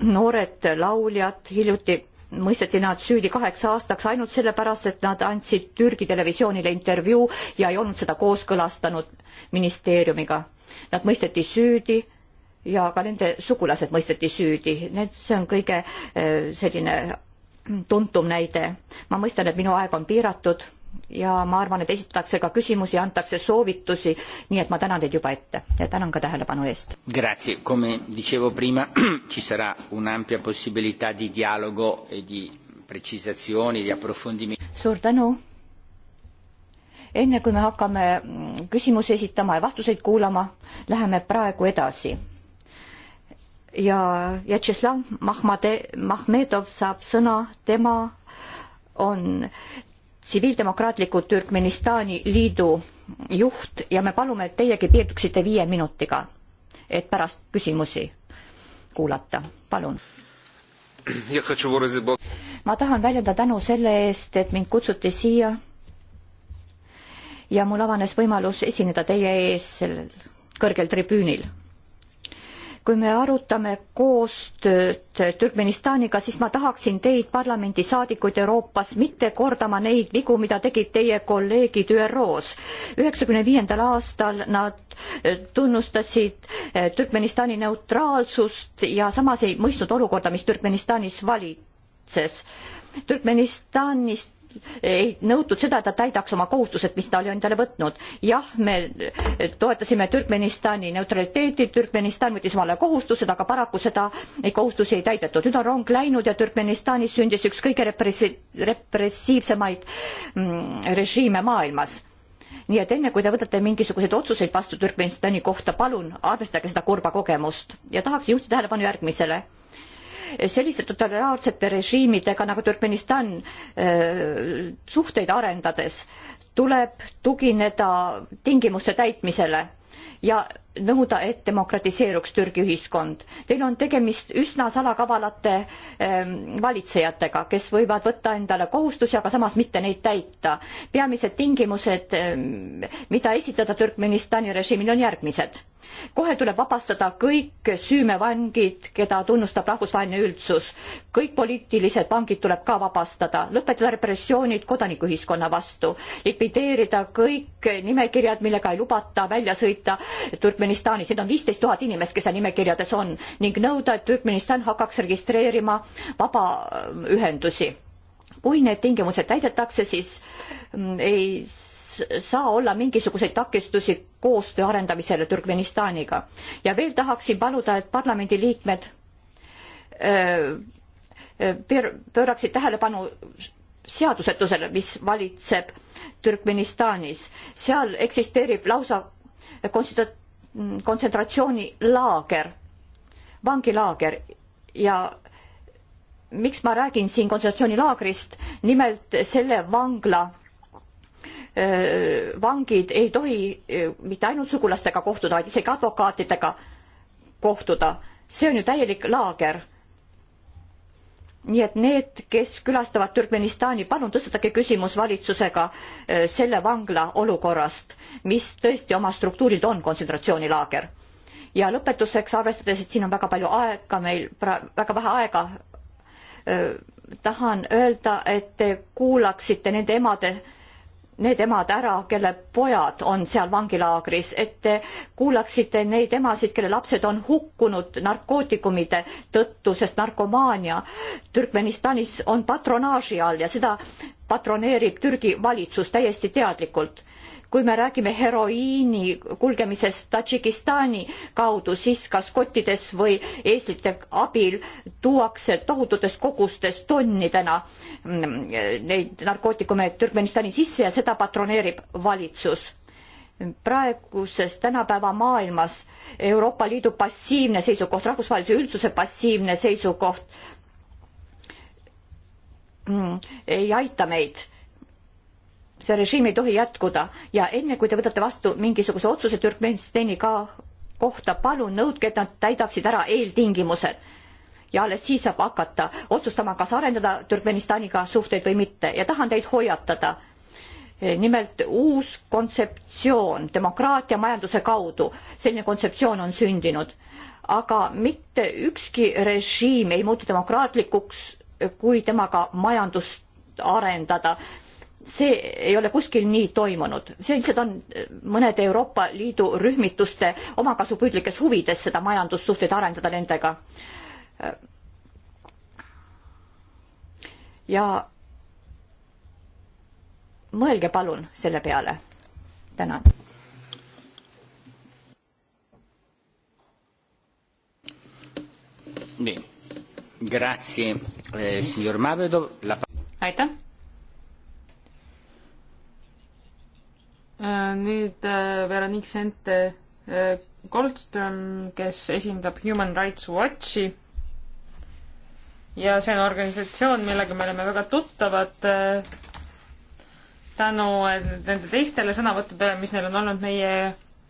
noored lauljad hiljuti mõisteti nad süüdi kaheks aastaks ainult sellepärast, et nad andsid Türgi televisioonile intervjuu ja ei olnud seda kooskõlastanud ministeeriumiga. Nad mõisteti süüdi ja ka nende sugulased mõisteti süüdi, need, see on kõige eh, selline tuntum näide. ma mõistan, et minu aeg on piiratud ja ma arvan, et esitatakse ka küsimusi, antakse soovitusi, nii et ma tänan teid juba ette ja tänan ka tähelepanu eest. Grazie, come dicevo prima [CLEARS THROAT] ci sarà un'ampia possibilità di dialogo e di precisazioni, di approfondimenti. suur tänu. enne kui me hakkame mm, küsimusi esitama ja vastuseid kuulama, läheme praegu edasi. ja Vjatšeslav Mahmade-, Mahmedov saab sõna, tema on tsiviildemokraatliku Türkmenistani liidu juht ja me palume, et teiegi piirduksite viie minutiga, et pärast küsimusi kuulata, palun. ma tahan väljendada tänu selle eest, et mind kutsuti siia ja mul avanes võimalus esineda teie ees sellel kõrgel tribüünil kui me arutame koostööd Türkmenistaniga, siis ma tahaksin teid, parlamendisaadikuid Euroopas, mitte kordama neid vigu, mida tegid teie kolleegid ÜRO-s. üheksakümne viiendal aastal nad tunnustasid eh, Türkmenistani neutraalsust ja samas ei mõistnud olukorda, mis Türkmenistanis valitses. Türkmenistanist ei nõutud seda, et ta täidaks oma kohustused, mis ta oli endale võtnud. jah, me toetasime Türkmenistani neutraliteeti, Türkmenistan võttis omale kohustused, aga paraku seda, neid kohustusi ei täidetud. nüüd on rong läinud ja Türkmenistanis sündis üks kõige repressi-, repressiivsemaid mm, režiime maailmas nii et enne kui te võtate mingisuguseid otsuseid vastu Türkmenistani kohta, palun arvestage seda kurba kogemust ja tahaks juhtida tähelepanu järgmisele selliste totalitaarsete režiimidega nagu Türkmenistan äh, suhteid arendades tuleb tugineda tingimuste täitmisele ja nõuda, et demokratiseeruks Türgi ühiskond. Teil on tegemist üsna salakavalate ähm, valitsejatega, kes võivad võtta endale kohustusi, aga samas mitte neid täita. peamised tingimused, ähm, mida esitada Türkmenistani režiimil, on järgmised kohe tuleb vabastada kõik süümevangid, keda tunnustab rahvusvaheline üldsus. kõik poliitilised vangid tuleb ka vabastada, lõpetada repressioonid kodanikuühiskonna vastu, likvideerida kõik nimekirjad, millega ei lubata välja sõita Türkmenistanis, neid on viisteist tuhat inimest, kes seal nimekirjades on, ning nõuda, et Türkmenistan hakkaks registreerima vabaühendusi äh, kui need tingimused täidetakse, siis mm, ei saa olla mingisuguseid takistusi koostöö arendamisele Türkmenistaniga. ja veel tahaksin paluda, et parlamendi liikmed pööraksid tähelepanu seadusetusele, mis valitseb Türkmenistanis. seal eksisteerib lausa kontsentratsioonilaager, vangilaager ja miks ma räägin siin kontsentratsioonilaagrist, nimelt selle vangla vangid ei tohi eh, mitte ainult sugulastega kohtuda, vaid isegi advokaatidega kohtuda. see on ju täielik laager. nii et need, kes külastavad Türkmenistani, palun tõstatage küsimus valitsusega eh, selle vangla olukorrast, mis tõesti oma struktuurilt on kontsentratsioonilaager. ja lõpetuseks, arvestades, et siin on väga palju aega meil, väga vähe aega, eh, tahan öelda, et te kuulaksite nende emade need emad ära, kelle pojad on seal vangilaagris, et te kuulaksite neid emasid, kelle lapsed on hukkunud narkootikumide tõttu, sest narkomaania Türkmenistanis on patronaaži all ja seda patroneerib Türgi valitsus täiesti teadlikult kui me räägime heroiini kulgemisest Tadžikistani kaudu, siis kas kottides või eestlite abil tuuakse tohututes kogustes tonnidena mm, neid narkootikume Türkmenistani sisse ja seda patroneerib valitsus praeguses tänapäeva maailmas Euroopa Liidu passiivne seisukoht, rahvusvahelise üldsuse passiivne seisukoht mm, ei aita meid see režiim ei tohi jätkuda ja enne kui te võtate vastu mingisuguse otsuse Türkmenistani ka kohta, palun nõudke, et nad täidaksid ära eeltingimused. ja alles siis saab hakata otsustama, kas arendada Türkmenistaniga suhteid või mitte ja tahan teid hoiatada. nimelt uus kontseptsioon demokraatia majanduse kaudu, selline kontseptsioon on sündinud, aga mitte ükski režiim ei muutu demokraatlikuks, kui temaga majandust arendada see ei ole kuskil nii toimunud, see lihtsalt on eh, mõnede Euroopa Liidu rühmituste omakasupüüdlikes huvides seda majandussuhteid arendada nendega. Eh, ja mõelge palun selle peale. tänan. nii, grazie eh,, signor Mavedo La.... aitäh Äh, nüüd äh, Veronique Sente äh, Goldstone, kes esindab Human Rights Watchi. ja see on organisatsioon, millega me oleme väga tuttavad tänu nende teistele sõnavõttudele, mis neil on olnud meie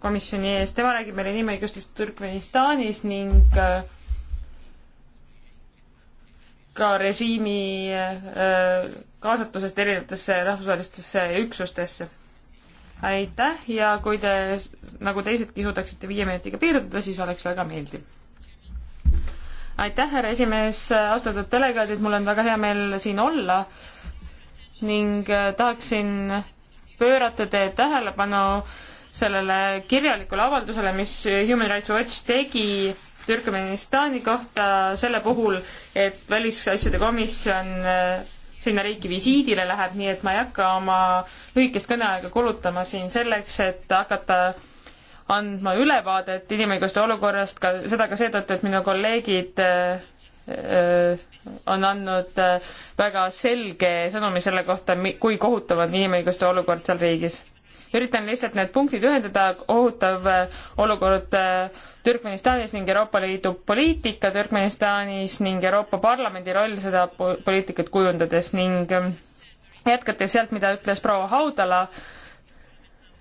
komisjoni ees. tema räägib meile inimõigustest Türkmenistanis ning ka režiimi kaasatusest erinevatesse rahvusvahelistesse üksustesse aitäh ja kui te nagu teisedki suudaksite viie minutiga piirduda, siis oleks väga meeldiv. aitäh, härra esimees, austatud delegaadid, mul on väga hea meel siin olla ning äh, tahaksin pöörata teie tähelepanu sellele kirjalikule avaldusele, mis Human Rights Watch tegi Türkmenistani kohta selle puhul, et välisasjade komisjon äh, sinna riiki visiidile läheb, nii et ma ei hakka oma lühikest kõneaega kulutama siin selleks, et hakata andma ülevaadet inimõiguste olukorrast, ka seda ka seetõttu, et minu kolleegid äh, äh, on andnud äh, väga selge sõnumi selle kohta, kui kohutav on inimõiguste olukord seal riigis. üritan lihtsalt need punktid ühendada, kohutav olukord Türkmenistanis ning Euroopa Liidu poliitika Türkmenistanis ning Euroopa Parlamendi roll seda poliitikat kujundades ning ähm, jätkates sealt, mida ütles proua Haudala,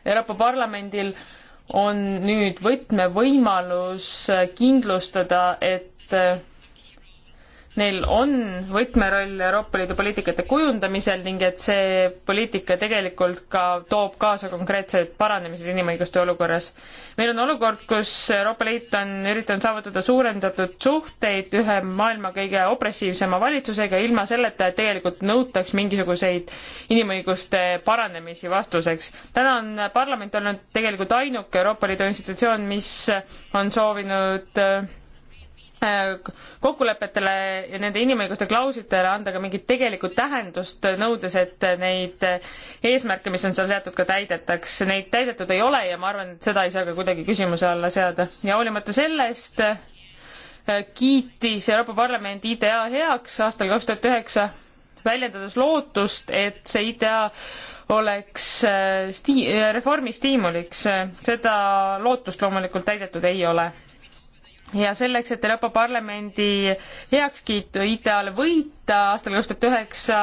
Euroopa Parlamendil on nüüd võtmevõimalus kindlustada, et äh, neil on võtmeroll Euroopa Liidu poliitikate kujundamisel ning et see poliitika tegelikult ka toob kaasa konkreetsed paranemised inimõiguste olukorras. meil on olukord, kus Euroopa Liit on üritanud saavutada suurendatud suhteid ühe maailma kõige opressiivsema valitsusega, ilma selleta, et tegelikult nõutaks mingisuguseid inimõiguste paranemisi vastuseks. täna on parlament olnud tegelikult ainuke Euroopa Liidu institutsioon, mis on soovinud äh, kokkulepetele ja nende inimõiguste klauslitele anda ka mingit tegelikku tähendust, nõudes, et neid eesmärke, mis on seal seatud, ka täidetaks. Neid täidetud ei ole ja ma arvan, et seda ei saa ka kuidagi küsimuse alla seada. ja hoolimata sellest äh, kiitis Euroopa Parlament IDA heaks aastal kaks tuhat üheksa, väljendades lootust, et see IDA oleks äh, sti-, reformi stiimuliks. seda lootust loomulikult täidetud ei ole ja selleks, et Euroopa Parlamendi heakskiitu ITA-le võita aastal kaks tuhat üheksa,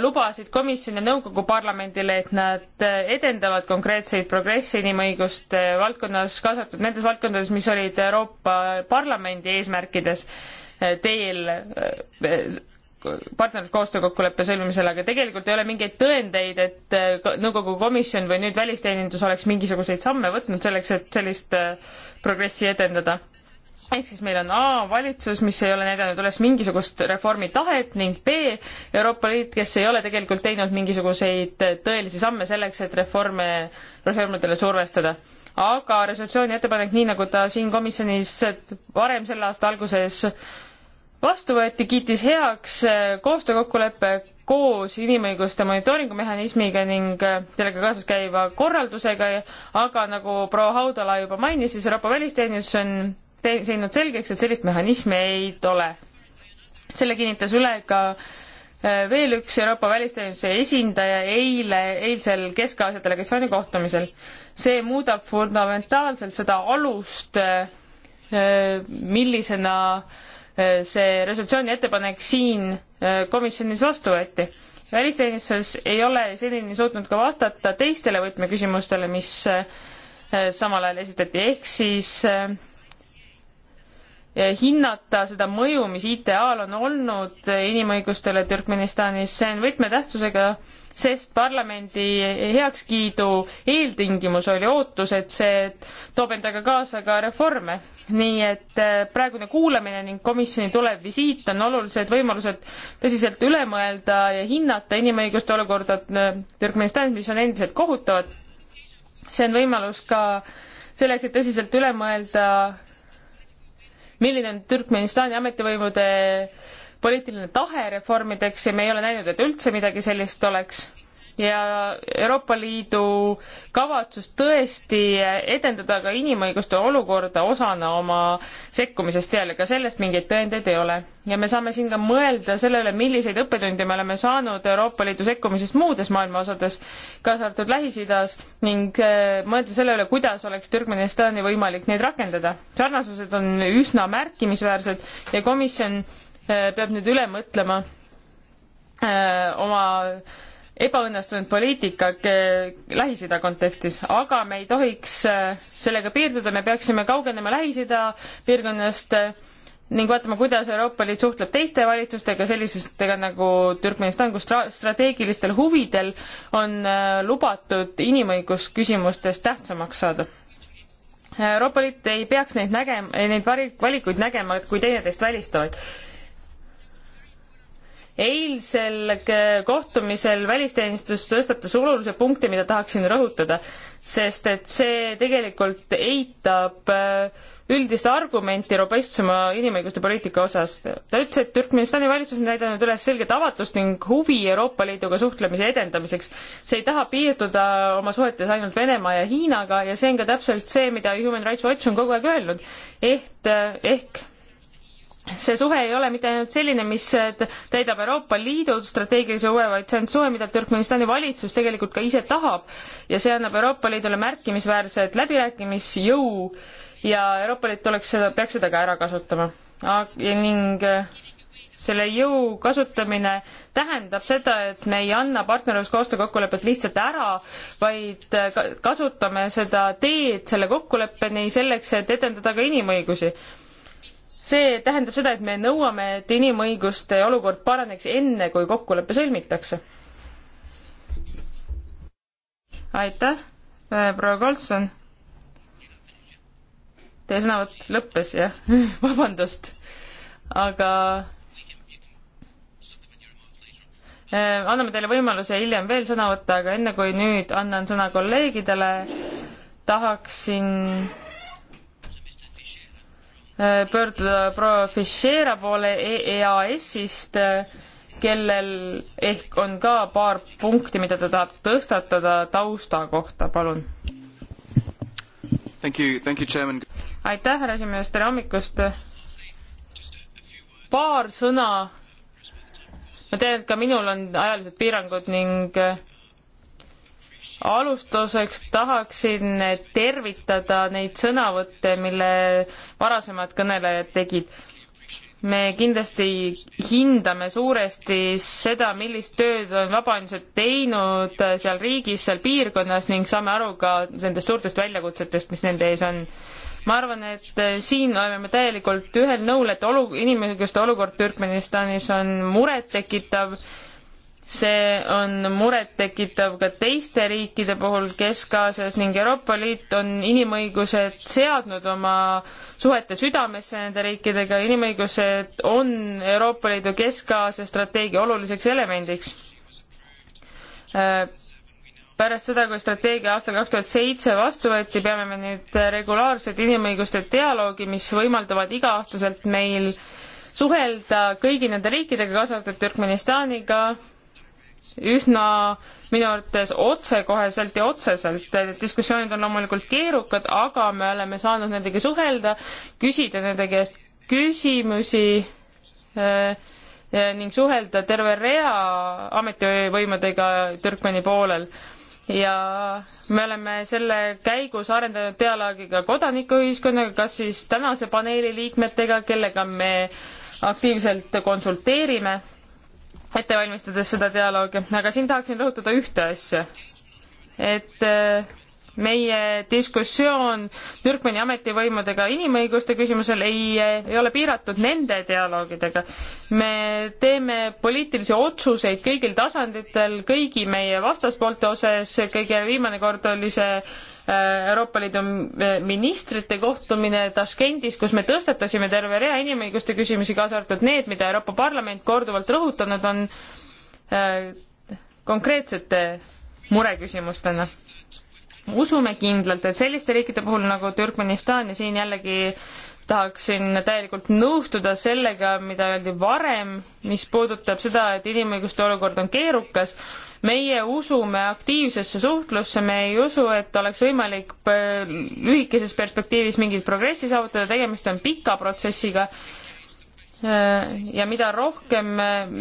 lubasid komisjon ja nõukogu parlamendile, et nad edendavad konkreetseid progresse inimõiguste valdkonnas, kaasa arvatud nendes valdkondades, mis olid Euroopa Parlamendi eesmärkides teel partnerluskoostöö kokkuleppe sõlmimisel, aga tegelikult ei ole mingeid tõendeid, et nõukogu komisjon või nüüd välisteenindus oleks mingisuguseid samme võtnud selleks, et sellist progressi edendada ehk siis meil on A valitsus, mis ei ole näidanud üles mingisugust reformi tahet ning B Euroopa Liit, kes ei ole tegelikult teinud mingisuguseid tõelisi samme selleks, et reforme, reformidele survestada. aga resolutsiooni ettepanek, nii nagu ta siin komisjonis varem selle aasta alguses vastu võeti, kiitis heaks koostöökokkuleppe koos inimõiguste monitooringumehhanismiga ning sellega kaasas käiva korraldusega, aga nagu proua Haudala juba mainis, siis Euroopa välisteenistus on teinud selgeks, et sellist mehhanismi ei ole. selle kinnitas üle ka äh, veel üks Euroopa välisteenistuse esindaja eile, eilsel Kesk-Aasia delegatsiooni kohtumisel. see muudab fundamentaalselt seda alust, äh, millisena äh, see resolutsiooni ettepanek siin komisjonis vastu võeti. välisteenistuses ei ole senini suutnud ka vastata teistele võtmeküsimustele, mis samal ajal esitati, ehk siis hinnata seda mõju, mis ITA-l on olnud inimõigustele Türkmenistanis, see on võtmetähtsusega, sest parlamendi heakskiidu eeltingimus oli ootus, et see toob endaga kaasa ka reforme. nii et äh, praegune kuulamine ning komisjoni tulev visiit on olulised võimalused tõsiselt üle mõelda ja hinnata inimõiguste olukorda äh, Türkmenistanis, mis on endiselt kohutavad. see on võimalus ka selleks, et tõsiselt üle mõelda milline on Türkmenistani ametivõimude poliitiline tahe reformideks ja me ei ole näinud, et üldse midagi sellist oleks ja Euroopa Liidu kavatsust tõesti edendada ka inimõiguste olukorda osana oma sekkumisest seal ja ka sellest mingeid tõendeid ei ole. ja me saame siin ka mõelda selle üle, milliseid õppetunde me oleme saanud Euroopa Liidu sekkumisest muudes maailma osades, kaasa arvatud Lähis-Idas, ning äh, mõelda selle üle, kuidas oleks Türkmenistani võimalik neid rakendada. sarnasused on üsna märkimisväärsed ja komisjon äh, peab nüüd üle mõtlema öö, äh, oma ebaõnnestunud poliitika Lähis-Ida kontekstis, aga me ei tohiks äh, sellega piirduda, me peaksime kaugenema Lähis-Ida piirkonnast äh, ning vaatama, kuidas Euroopa Liit suhtleb teiste valitsustega, sellistega nagu Türkmenistan, kus strateegilistel huvidel on äh, lubatud inimõigusküsimustes tähtsamaks saada. Euroopa Liit ei peaks neid nägema, neid valikuid nägema kui teineteist välistavaid eilsel kohtumisel välisteenistus tõstatas olulise punkti, mida tahaksin rõhutada, sest et see tegelikult eitab äh, üldist argumenti robustsema inimõiguste poliitika osas. ta ütles, et Türkmenistani valitsus on näidanud üles selget avatust ning huvi Euroopa Liiduga suhtlemise edendamiseks. see ei taha piirduda oma suhetes ainult Venemaa ja Hiinaga ja see on ka täpselt see, mida Human Rights Watch on kogu aeg öelnud. ehk, äh, ehk see suhe ei ole mitte ainult selline, mis täidab Euroopa Liidu strateegilise huve, vaid see on suhe, mida Türkmenistani valitsus tegelikult ka ise tahab ja see annab Euroopa Liidule märkimisväärset läbirääkimisjõu ja Euroopa Liit oleks seda, peaks seda ka ära kasutama. ning äh, selle jõu kasutamine tähendab seda, et me ei anna partnerluskoostöö kokkulepet lihtsalt ära, vaid äh, kasutame seda teed selle kokkuleppeni selleks, et edendada ka inimõigusi see tähendab seda, et me nõuame, et inimõiguste olukord paraneks enne, kui kokkulepe sõlmitakse. aitäh, äh, proua Koltson. Teie sõnavõtt lõppes, jah, [LAUGHS] vabandust, aga äh, anname teile võimaluse hiljem veel sõna võtta, aga enne kui nüüd annan sõna kolleegidele, tahaksin Eh, pöörduda proua Fischera poole EAS-ist, e eh, kellel ehk on ka paar punkti, mida ta tahab tõstatada tausta kohta, palun. aitäh, härra esimees, tere hommikust! paar sõna, ma tean, et ka minul on ajalised piirangud ning äh, alustuseks tahaksin tervitada neid sõnavõtte, mille varasemad kõnelejad tegid. me kindlasti hindame suuresti seda, millist tööd on vabaühendused teinud seal riigis, seal piirkonnas ning saame aru ka nendest suurtest väljakutsetest, mis nende ees on ma arvan, et siin oleme me täielikult ühel nõul, et olu-, inimõiguste olukord Türkmenistanis on murettekitav see on murettekitav ka teiste riikide puhul Kesk-Aasias ning Euroopa Liit on inimõigused seadnud oma suhete südamesse nende riikidega, inimõigused on Euroopa Liidu Kesk-Aasia strateegia oluliseks elemendiks. Äh, pärast seda, kui strateegia aastal kaks tuhat seitse vastu võeti, peame me nüüd regulaarset inimõiguste dialoogi, mis võimaldavad iga-aastaselt meil suhelda kõigi nende riikidega, kaasa arvatud Türkmenistaniga, üsna minu arvates otsekoheselt ja otseselt. diskussioonid on loomulikult keerukad, aga me oleme saanud nendega suhelda, küsida nende käest küsimusi äh, ning suhelda terve rea ametivõimudega Türkmeni poolel ja me oleme selle käigus arendanud dialoogi ka kodanikuühiskonnaga, kas siis tänase paneeli liikmetega, kellega me aktiivselt konsulteerime ette valmistades seda dialoogi, aga siin tahaksin rõhutada ühte asja. et äh, meie diskussioon Türkmeni ametivõimudega inimõiguste küsimusel ei, ei ole piiratud nende dialoogidega. me teeme poliitilisi otsuseid kõigil tasanditel, kõigi meie vastaspoolte osas, kõige viimane kord oli see äh, Euroopa Liidu äh, ministrite kohtumine Taškendis, kus me tõstatasime terve rea inimõiguste küsimusi, kaasa arvatud need, mida Euroopa Parlament korduvalt rõhutanud on äh, konkreetsete mureküsimustena usume kindlalt, et selliste riikide puhul nagu Türkmenistan ja siin jällegi tahaksin täielikult nõustuda sellega, mida öeldi varem, mis puudutab seda, et inimõiguste olukord on keerukas. meie usume aktiivsesse suhtlusse, me ei usu, et oleks võimalik äh, lühikeses perspektiivis mingit progressi saavutada, tegemist on pika protsessiga Äh, ja mida rohkem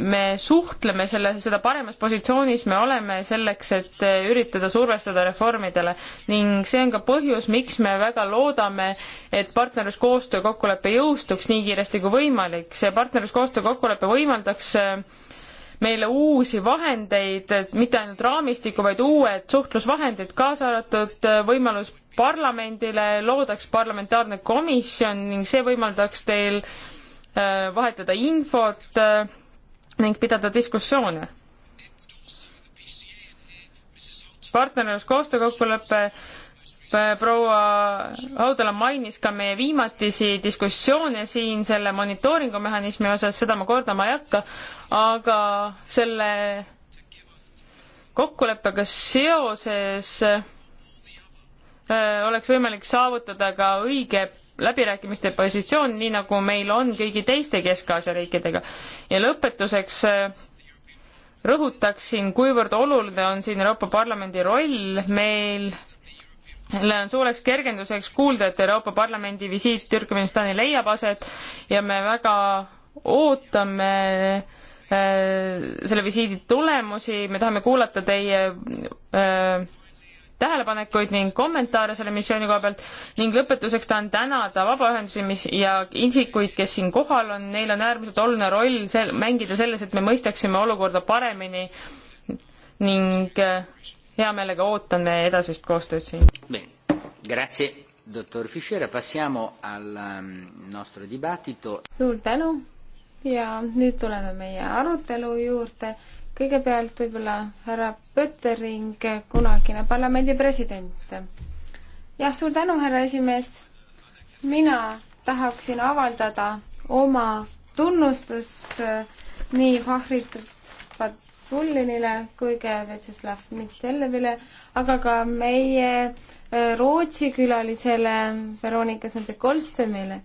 me suhtleme selle, seda paremas positsioonis me oleme selleks, et äh, üritada survestada reformidele. ning see on ka põhjus, miks me väga loodame, et partnerluskoostöö kokkulepe jõustuks nii kiiresti kui võimalik. see partnerluskoostöö kokkulepe võimaldaks äh, meile uusi vahendeid, mitte ainult raamistikku, vaid uued suhtlusvahendid, kaasa arvatud võimalus parlamendile, loodaks parlamentaarne komisjon ning see võimaldaks teil Äh, vahetada infot äh, ning pidada diskussioone. partnerluskoostöö kokkulepe äh, proua Haudala mainis ka meie viimatisi diskussioone siin selle monitooringumehhanismi osas, seda ma kordama ei hakka, aga selle kokkuleppega seoses oleks võimalik saavutada ka õige läbirääkimiste positsioon, nii nagu meil on kõigi teiste Kesk-Aasia riikidega. ja lõpetuseks äh, rõhutaksin, kuivõrd oluline on siin Euroopa Parlamendi roll meil on suureks kergenduseks kuulda, et Euroopa Parlamendi visiit Türkmenistani leiab aset ja me väga ootame äh, selle visiidi tulemusi, me tahame kuulata teie äh, tähelepanekuid ning kommentaare selle missiooni koha pealt ning lõpetuseks tahan tänada vabaühendusi, mis ja isikuid, kes siin kohal on, neil on äärmiselt oluline roll sel-, mängida selles, et me mõistaksime olukorda paremini ning äh, hea meelega ootan meie edasist koostööd siin. Grazie, doktor Fischer, passiamo al ehm, nostro dibattito. suur tänu ja nüüd tuleme meie arutelu juurde kõigepealt võib-olla härra Pöttering, kunagine parlamendi president. jah, suur tänu, härra esimees. mina tahaksin avaldada oma tunnustust äh, nii Fahri Patsullinile kui ka Vjatšeslav Mitellevile, aga ka meie äh, Rootsi külalisele Veronika Sandekolstemile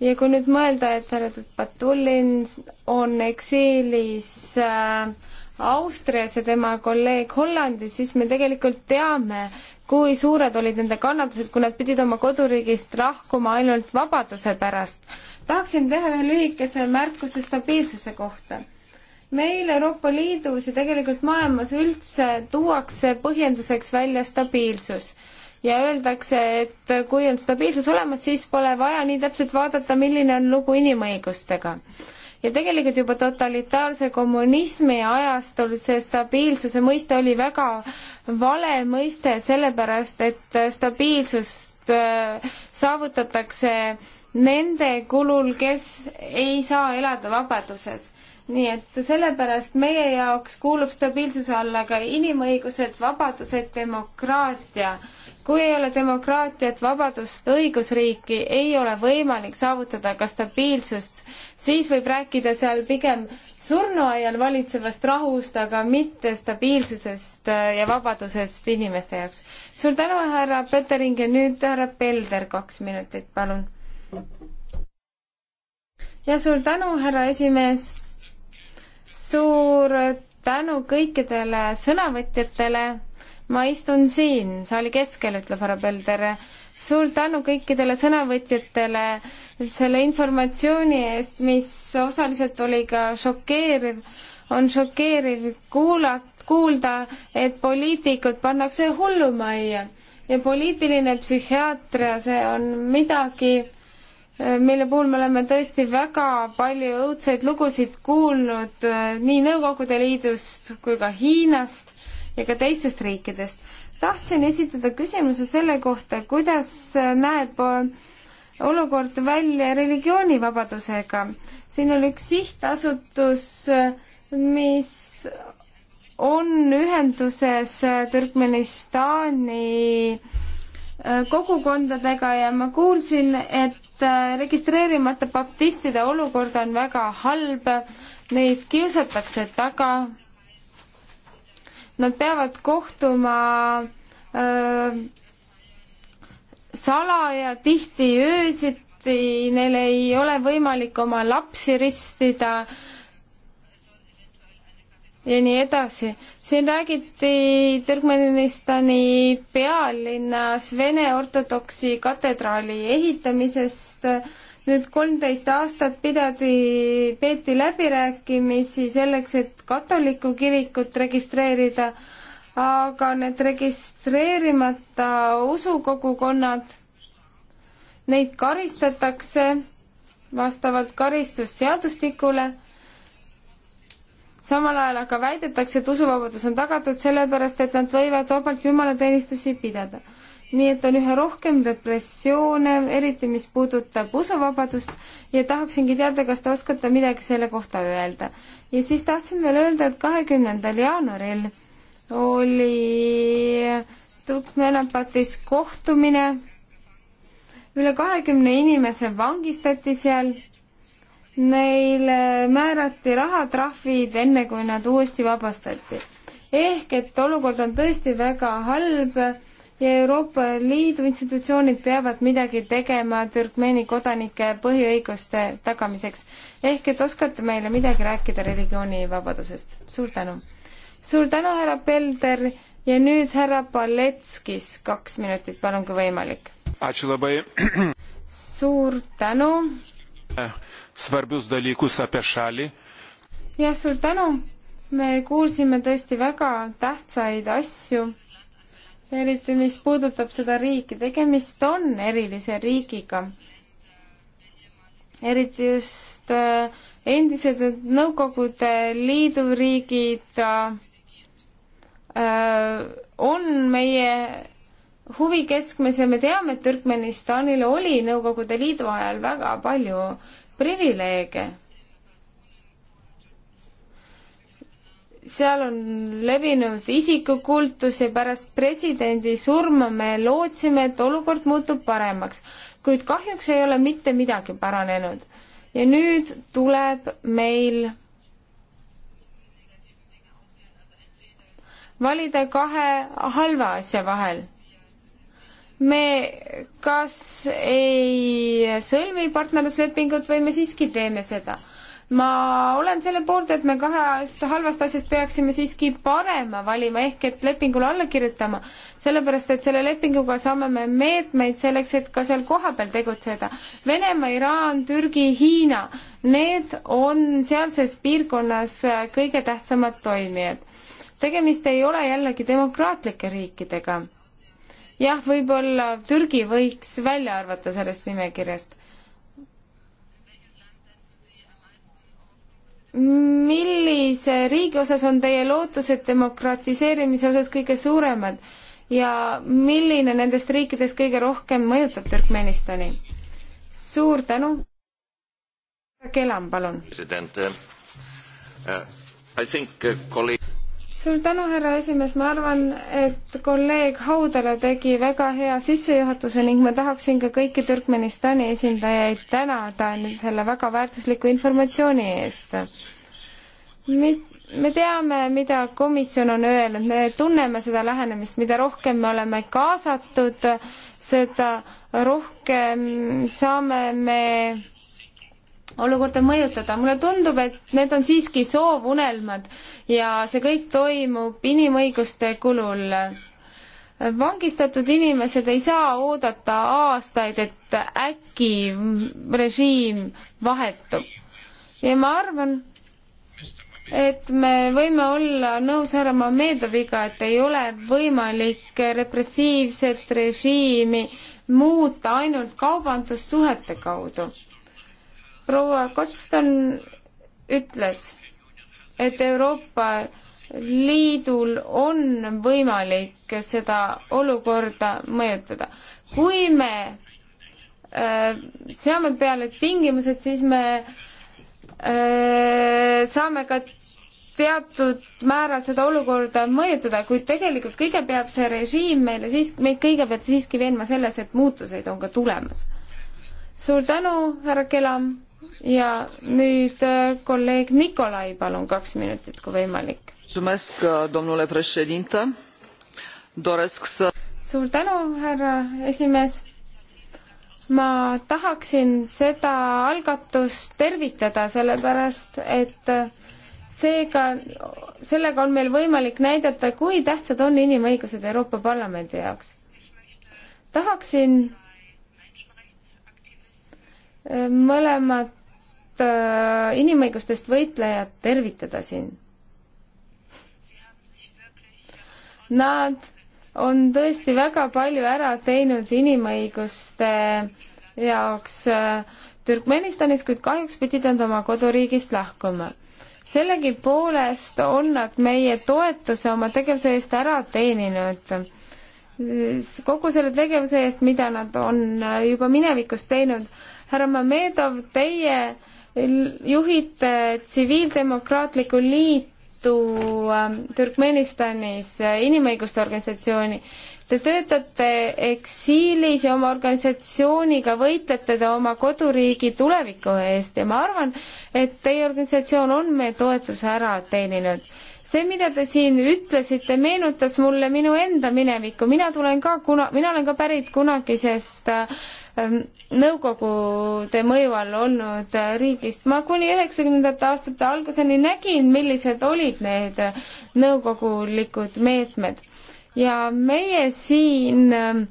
ja kui nüüd mõelda, et härra Patullin on eksiilis äh, Austrias ja tema kolleeg Hollandis, siis me tegelikult teame, kui suured olid nende kannatused, kui nad pidid oma koduriigist lahkuma ainult vabaduse pärast. tahaksin teha ühe lühikese märkuse stabiilsuse kohta. meil Euroopa Liidus ja tegelikult maailmas üldse tuuakse põhjenduseks välja stabiilsus ja öeldakse, et kui on stabiilsus olemas, siis pole vaja nii täpselt vaadata, milline on lugu inimõigustega ja tegelikult juba totalitaarse kommunismi ajastul see stabiilsuse mõiste oli väga vale mõiste, sellepärast et stabiilsust äh, saavutatakse nende kulul, kes ei saa elada vabaduses nii et sellepärast meie jaoks kuulub stabiilsuse alla ka inimõigused, vabadused, demokraatia äh, kui ei ole demokraatiat, vabadust, õigusriiki, ei ole võimalik saavutada ka stabiilsust, siis võib rääkida seal pigem surnuaial valitsevast rahust, aga mitte stabiilsusest äh, ja vabadusest inimeste jaoks. suur tänu, härra Pöttering ja nüüd härra Pelder, kaks minutit, palun. ja suur tänu, härra esimees. suur tänu kõikidele sõnavõtjatele ma istun siin saali keskel, ütleb härra Pelder. suur tänu kõikidele sõnavõtjatele selle informatsiooni eest, mis osaliselt oli ka šokeeriv. on šokeeriv kuulata, kuulda, et poliitikud pannakse hullumajja ja poliitiline psühhiaatria, see on midagi, mille puhul me oleme tõesti väga palju õudseid lugusid kuulnud eh, nii Nõukogude Liidust kui ka Hiinast ja ka teistest riikidest. tahtsin esitada küsimuse selle kohta, kuidas näeb olukord välja religioonivabadusega. siin oli üks sihtasutus, mis on ühenduses Türkmenistani kogukondadega ja ma kuulsin, et registreerimata baptistide olukord on väga halb, neid kiusatakse taga Nad peavad kohtuma öö, äh, salaja, tihti öösiti, neil ei ole võimalik oma lapsi ristida ja nii edasi. siin räägiti Türkmenistani pealinnas Vene ortodoksi katedraali ehitamisest. nüüd kolmteist aastat pidadi, peeti läbirääkimisi selleks, et katoliku kirikut registreerida, aga need registreerimata usukogukonnad, neid karistatakse vastavalt karistusseadustikule samal ajal aga väidetakse, et usuvabadus on tagatud sellepärast, et nad võivad vabalt jumalateenistusi pidada. nii et on üha rohkem repressioone, eriti mis puudutab usuvabadust ja tahaksingi teada, kas te oskate midagi selle kohta öelda. ja siis tahtsin veel öelda, et kahekümnendal jaanuaril oli Tukmenapatis kohtumine, üle kahekümne inimese vangistati seal neile määrati rahatrahvid enne, kui nad uuesti vabastati. ehk et olukord on tõesti väga halb ja Euroopa Liidu institutsioonid peavad midagi tegema Türkmeeni kodanike põhiõiguste tagamiseks. ehk et oskate meile midagi rääkida religioonivabadusest? suur tänu! suur tänu, härra Pelder ja nüüd härra Paletskis, kaks minutit, palun, kui võimalik. [CLEARS THROAT] suur tänu! svarbius dalykus apie šalį. jah, suur tänu. me kuulsime tõesti väga tähtsaid asju eriti mis puudutab seda riiki, tegemist on erilise riigiga. eriti just äh, endised Nõukogude Liidu riigid äh, on meie huvi keskmes ja me teame, et Türkmenistanil oli Nõukogude Liidu ajal väga palju privileege. seal on levinud isikukultus ja pärast presidendi surma me lootsime, et olukord muutub paremaks, kuid kahjuks ei ole mitte midagi paranenud. ja nüüd tuleb meil valida kahe halva asja vahel me kas ei sõlmi partnerluslepingut või me siiski teeme seda. ma olen selle poolt, et me kahest halvast asjast peaksime siiski parema valima, ehk et lepingule alla kirjutama, sellepärast et selle lepinguga saame me meetmeid selleks, et ka seal kohapeal tegutseda. Venemaa, Iraan, Türgi, Hiina, need on sealses piirkonnas kõige tähtsamad toimijad. tegemist ei ole jällegi demokraatlike riikidega jah, võib-olla Türgi võiks välja arvata sellest nimekirjast. millise riigi osas on teie lootused demokratiseerimise osas kõige suuremad ja milline nendest riikidest kõige rohkem mõjutab Türkmenistani? suur tänu. Kelam, palun. president uh,, I think uh, eh, kolleeg suur tänu, härra esimees, ma arvan, et kolleeg Haudala tegi väga hea sissejuhatuse ning ma tahaksin ka kõiki Türkmenistani esindajaid tänada selle väga väärtusliku informatsiooni eest. me teame, mida komisjon on öelnud, me tunneme seda lähenemist, mida rohkem me oleme kaasatud, seda rohkem saame me olukorda mõjutada. mulle tundub, et need on siiski soovunelmad ja see kõik toimub inimõiguste kulul. vangistatud inimesed ei saa oodata aastaid, et äkki režiim vahetub. ja ma arvan, et me võime olla nõus härra Mamedoviga, et ei ole võimalik repressiivset režiimi muuta ainult kaubandussuhete kaudu proua Kotston ütles, et Euroopa Liidul on võimalik seda olukorda mõjutada. kui me äh, seame peale tingimused, siis me äh, saame ka teatud määral seda olukorda mõjutada, kuid tegelikult kõige peab see režiim meile siis, meid kõigepealt siiski veenma selles, et muutuseid on ka tulemas. suur tänu, härra Kelam ja nüüd äh, kolleeg Nikolai, palun kaks minutit, kui võimalik. Äh, suur tänu, härra esimees ma tahaksin seda algatust tervitada, sellepärast et äh, seega, sellega on meil võimalik näidata, kui tähtsad on inimõigused Euroopa Parlamendi jaoks. tahaksin mõlemat Äh, inimõigustest võitlejat tervitada siin. Nad on tõesti väga palju ära teinud inimõiguste jaoks äh, Türkmenistanis, kuid kahjuks pidid nad oma koduriigist lahkuma. sellegipoolest on nad meie toetuse oma tegevuse eest ära teeninud. kogu selle tegevuse eest, mida nad on äh, juba minevikus teinud. härra Mamedov, teie juhite tsiviildemokraatlikku liitu ähm, Türkmenistanis, äh, inimõiguste organisatsiooni. Te töötate eksiilis ja oma organisatsiooniga võitlete te oma koduriigi tuleviku eest ja ma arvan, et teie organisatsioon on meie toetuse ära teeninud see, mida te siin ütlesite, meenutas mulle minu enda minevikku, mina tulen ka kuna, mina olen ka pärit kunagisest äh, Ehm, nõukogude mõju all olnud äh, riigist. ma kuni üheksakümnendate aastate alguseni nägin, millised olid need äh, nõukogulikud meetmed ja meie siin ähm,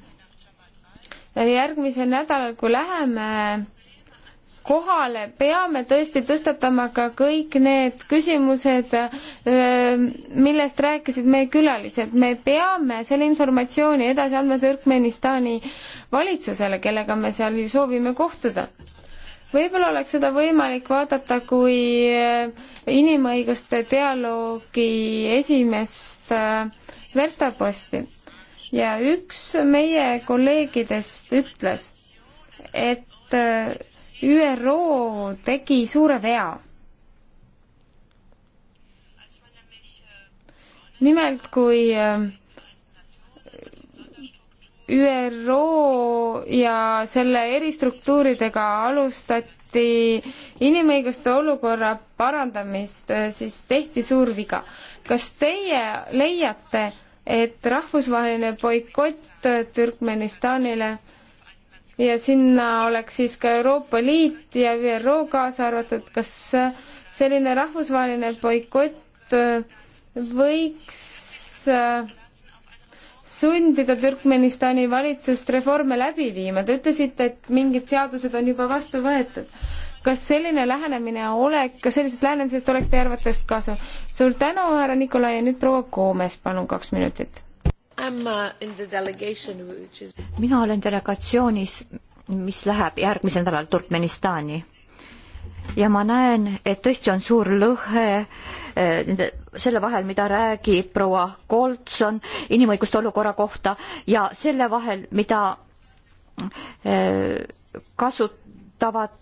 järgmisel nädalal, kui läheme kohale, peame tõesti tõstatama ka kõik need küsimused, millest rääkisid meie külalised. me peame selle informatsiooni edasi andma Türkmenistani valitsusele, kellega me seal ju soovime kohtuda. võib-olla oleks seda võimalik vaadata kui inimõiguste dialoogi esimest verstaposti ja üks meie kolleegidest ütles, et ÜRO tegi suure vea. nimelt, kui äh, ÜRO ja selle eristruktuuridega alustati inimõiguste olukorra parandamist, äh, siis tehti suur viga. kas teie leiate, et rahvusvaheline boikott Türkmenistanile äh, ja sinna oleks siis ka Euroopa Liit ja ÜRO kaasa arvatud, kas selline rahvusvaheline boikott äh, võiks äh, sundida Türkmenistani valitsust reforme läbi viima, te ütlesite, et mingid seadused on juba vastu võetud. kas selline lähenemine oleks, kas sellisest lähenemisest oleks teie arvates kasu? suur tänu, härra Nikolai ja nüüd proua Koomes, palun kaks minutit Is... mina olen delegatsioonis, mis läheb järgmisel nädalal Turkmenistani ja ma näen, et tõesti on suur lõhe eh, nende, selle vahel, mida räägib proua Koltson inimõiguste olukorra kohta ja selle vahel, mida eh, kasutavad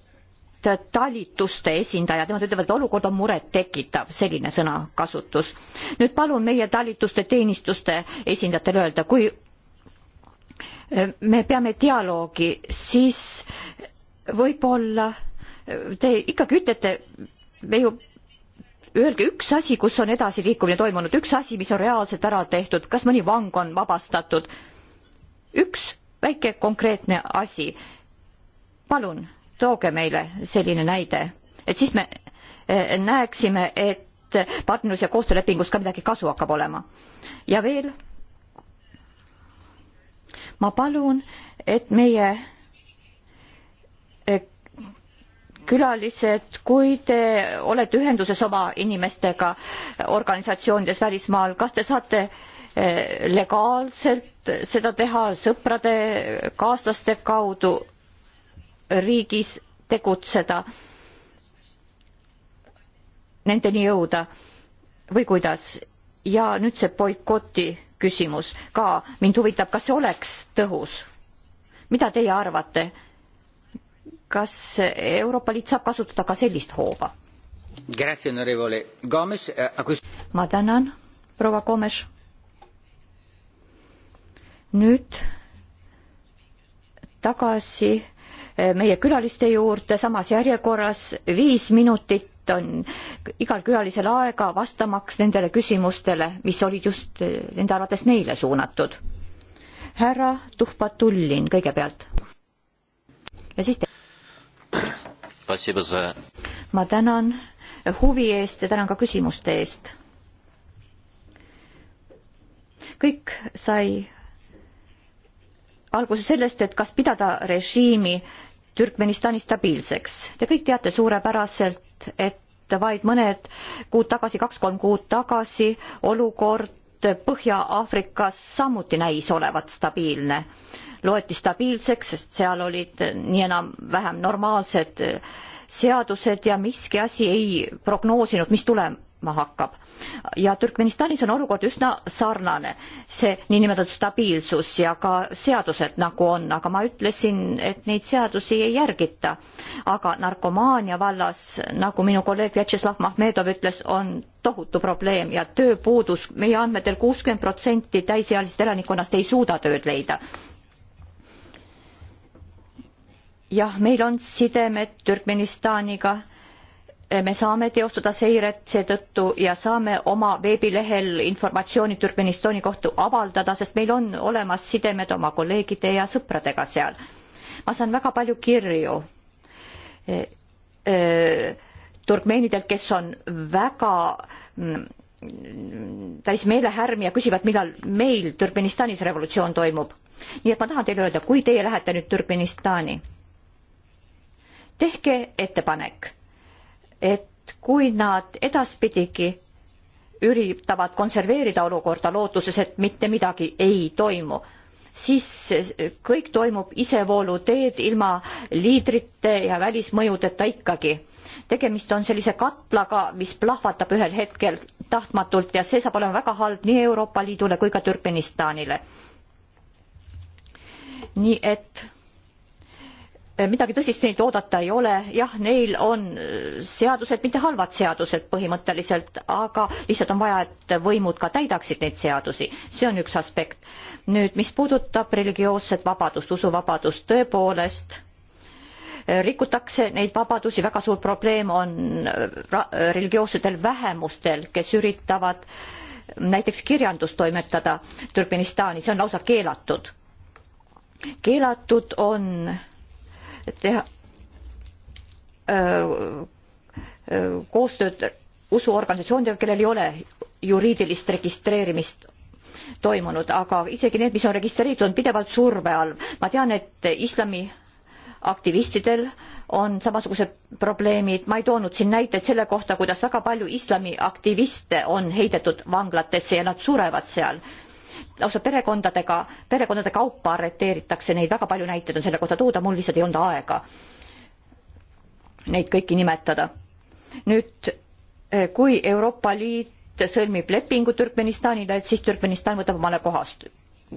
talituste esindajad, nemad ütlevad, et olukord on murettekitav, selline sõnakasutus. nüüd palun meie talituste teenistuste esindajatele öelda, kui eh, me peame dialoogi, siis võib-olla eh, te ikkagi ütlete, me ju öelge üks asi, kus on edasiliikumine toimunud, üks asi, mis on reaalselt ära tehtud, kas mõni vang on vabastatud, üks väike konkreetne asi. palun tooge meile selline näide, et siis me eh, näeksime, et partnerlus- ja koostöölepingust ka midagi kasu hakkab olema. ja veel, ma palun, et meie eh, külalised, kui te olete ühenduses oma inimestega organisatsioonides välismaal, kas te saate eh, legaalselt seda teha sõprade, kaaslaste kaudu riigis tegutseda, nendeni jõuda või kuidas? ja nüüd see boikoti küsimus ka, mind huvitab, kas see oleks tõhus? mida teie arvate? kas Euroopa Liit saab kasutada ka sellist hooba? Eh, ma tänan, proua Gomes. nüüd tagasi meie külaliste juurde samas järjekorras, viis minutit on igal külalisel aega vastamaks nendele küsimustele, mis olid just eh, nende arvates neile suunatud. härra Tuhpatullin kõigepealt. ja siis te. ma tänan huvi eest ja tänan ka küsimuste eest. kõik sai alguse sellest, et kas pidada režiimi Türkmenistani stabiilseks. Te kõik teate suurepäraselt, et vaid mõned kuud tagasi, kaks-kolm kuud tagasi olukord Põhja-Aafrikas samuti näis olevat stabiilne. loeti stabiilseks, sest seal olid nii enam-vähem normaalsed seadused ja miski asi ei prognoosinud, mis tulema hakkab ja Türkmenistanis on olukord üsna sarnane, see niinimetatud stabiilsus ja ka seadused nagu on, aga ma ütlesin, et neid seadusi ei järgita. aga narkomaania vallas, nagu minu kolleeg Vjatšeslav Mahmedov ütles, on tohutu probleem ja tööpuudus meie andmetel kuuskümmend protsenti täisealisest elanikkonnast ei suuda tööd leida jah, meil on sidemed Türkmenistaniga me saame teostada seiret seetõttu ja saame oma veebilehel informatsiooni Türkmenistani kohta avaldada, sest meil on olemas sidemed oma kolleegide ja sõpradega seal. ma saan väga palju kirju e, e, turkmeenidelt, kes on väga täis mm, meelehärmi ja küsivad, millal meil Türkmenistanis revolutsioon toimub. nii et ma tahan teile öelda, kui teie lähete nüüd Türkmenistani, tehke ettepanek et kui nad edaspidigi üritavad konserveerida olukorda lootuses, et mitte midagi ei toimu, siis kõik toimub isevoolu teed ilma liidrite ja välismõjudeta ikkagi. tegemist on sellise katlaga, mis plahvatab ühel hetkel tahtmatult ja see saab olema väga halb nii Euroopa Liidule kui ka Türkmenistanile. nii et Eh, midagi tõsist neilt oodata ei ole, jah, neil on eh, seadused, mitte halvad seadused põhimõtteliselt, aga lihtsalt on vaja, et võimud ka täidaksid neid seadusi, see on üks aspekt. nüüd, mis puudutab religioosset vabadust, usuvabadust, tõepoolest eh, rikutakse neid vabadusi, väga suur probleem on religioossetel vähemustel, kes üritavad näiteks kirjandust toimetada Türkmenistanis, see on lausa keelatud. keelatud on teha koostööd usuorganisatsioonidega, kellel ei ole juriidilist registreerimist toimunud, aga isegi need, mis on registreeritud, on pidevalt surve all. ma tean, et islami aktivistidel on samasugused probleemid, ma ei toonud siin näiteid selle kohta, kuidas väga palju islami aktiviste on heidetud vanglatesse ja nad surevad seal lausa perekondadega, perekondade kaupa arreteeritakse neid, väga palju näiteid on selle kohta tuua, mul lihtsalt ei olnud aega neid kõiki nimetada. nüüd eh, kui Euroopa Liit sõlmib lepingu Türkmenistanile, et siis Türkmenistan võtab omale kohast,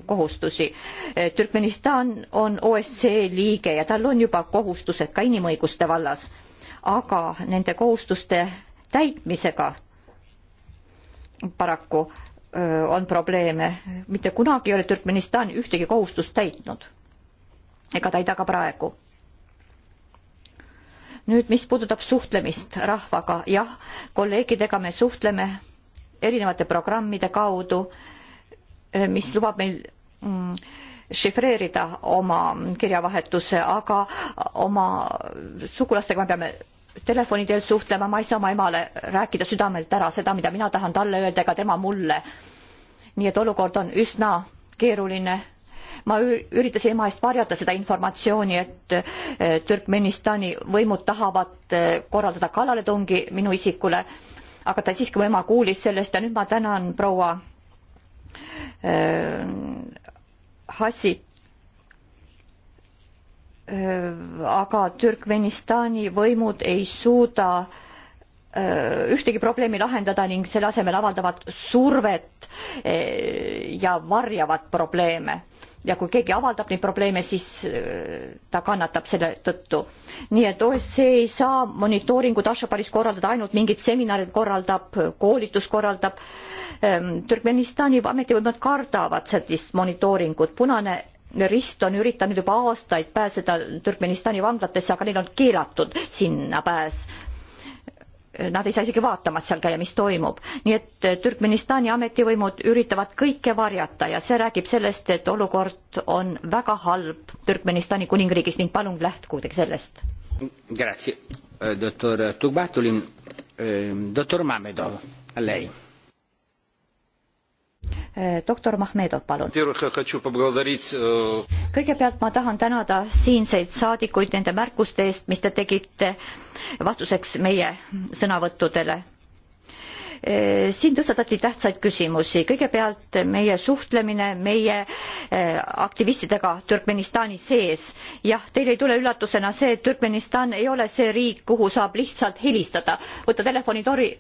kohustusi. Eh, Türkmenistan on OSCE liige ja tal on juba kohustused ka inimõiguste vallas, aga nende kohustuste täitmisega paraku on probleeme, mitte kunagi ei ole Türkmenistan ühtegi kohustust täitnud ega täida ka praegu. nüüd, mis puudutab suhtlemist rahvaga, jah, kolleegidega me suhtleme erinevate programmide kaudu, mis lubab meil mm, šifreerida oma kirjavahetuse, aga oma sugulastega me peame telefoni teel suhtlema, ma ei saa oma emale rääkida südamelt ära seda, mida mina tahan talle öelda, ega tema mulle. nii et olukord on üsna keeruline. ma üritasin ema eest varjata seda informatsiooni, et äh, Türkmenistani võimud tahavad äh, korraldada kallaletungi minu isikule, aga ta siiski, mu ema kuulis sellest ja nüüd ma tänan proua äh, Hassit Äh, aga Türkmenistani võimud ei suuda äh, ühtegi probleemi lahendada ning selle asemel avaldavad survet äh, ja varjavad probleeme. ja kui keegi avaldab neid probleeme, siis ta kannatab selle tõttu. nii et OSCE ei saa monitooringut Ashabaris korraldada, ainult mingid seminarid korraldab, koolitus korraldab. Ähm, Türkmenistani ametivõimed kardavad sellist monitooringut, punane rist on üritanud juba aastaid pääseda Türkmenistani vanglatesse, aga neil on keelatud sinna pääs. Nad ei saa isegi vaatamas seal käia, mis toimub. nii et Türkmenistani ametivõimud üritavad kõike varjata ja see räägib sellest, et olukord on väga halb Türkmenistani kuningriigis ning palun lähtkuge sellest. Grazie, eh, doktor Tugbatulin, eh, doktor Mamedov, lei Eh, doktor Mahmedov, palun. Э, kõigepealt ma tahan tänada siinseid saadikuid nende märkuste eest, mis te tegite vastuseks meie sõnavõttudele. Eh, siin tõstatati tähtsaid küsimusi, kõigepealt meie suhtlemine meie eh, aktivistidega Türkmenistani sees. jah, teile ei tule üllatusena see, et Türkmenistan ei ole see riik, kuhu saab lihtsalt helistada, võtta telefoni tori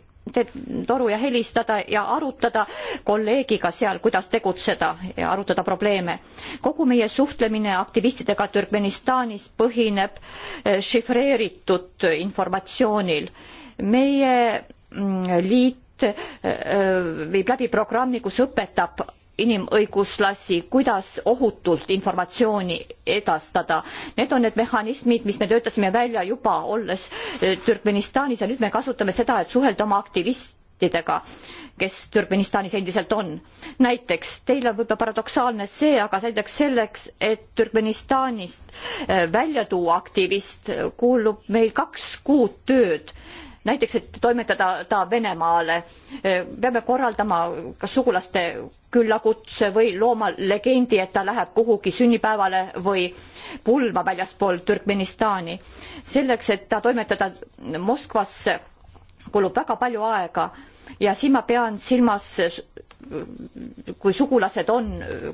toru ja helistada ja arutada kolleegiga seal, kuidas tegutseda ja arutada probleeme. kogu meie suhtlemine aktivistidega Türkmenistanis põhineb eh, šifreeritud informatsioonil. meie mm, liit eh, eh, viib läbi programmi, kus õpetab inimõiguslasi, kuidas ohutult informatsiooni edastada. Need on need mehhanismid, mis me töötasime välja juba olles eh, Türkmenistanis ja nüüd me kasutame seda, et suhelda oma aktivistidega kes Türkmenistanis endiselt on. näiteks teil on võib-olla paradoksaalne see, aga näiteks selleks, et Türkmenistanist eh, välja tuua aktivist, kuulub meil kaks kuud tööd näiteks, et toimetada ta Venemaale, eh, peame korraldama kas sugulaste küllakutse või loomalegendi, et ta läheb kuhugi sünnipäevale või pulma väljaspool Türkmenistani. selleks, et ta toimetada Moskvasse, kulub väga palju aega ja siin ma pean silmas, kui sugulased on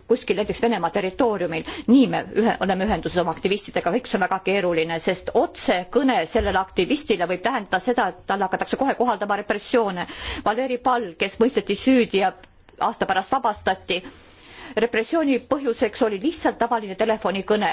kuskil näiteks Venemaa territooriumil, nii me ühe, oleme ühenduses oma aktivistidega, kõik see on väga keeruline, sest otsekõne sellele aktivistile võib tähendada seda, et talle hakatakse kohe kohaldama repressioone. Valeri Pall, kes mõisteti süüdi ja aasta pärast vabastati. repressiooni põhjuseks oli lihtsalt tavaline telefonikõne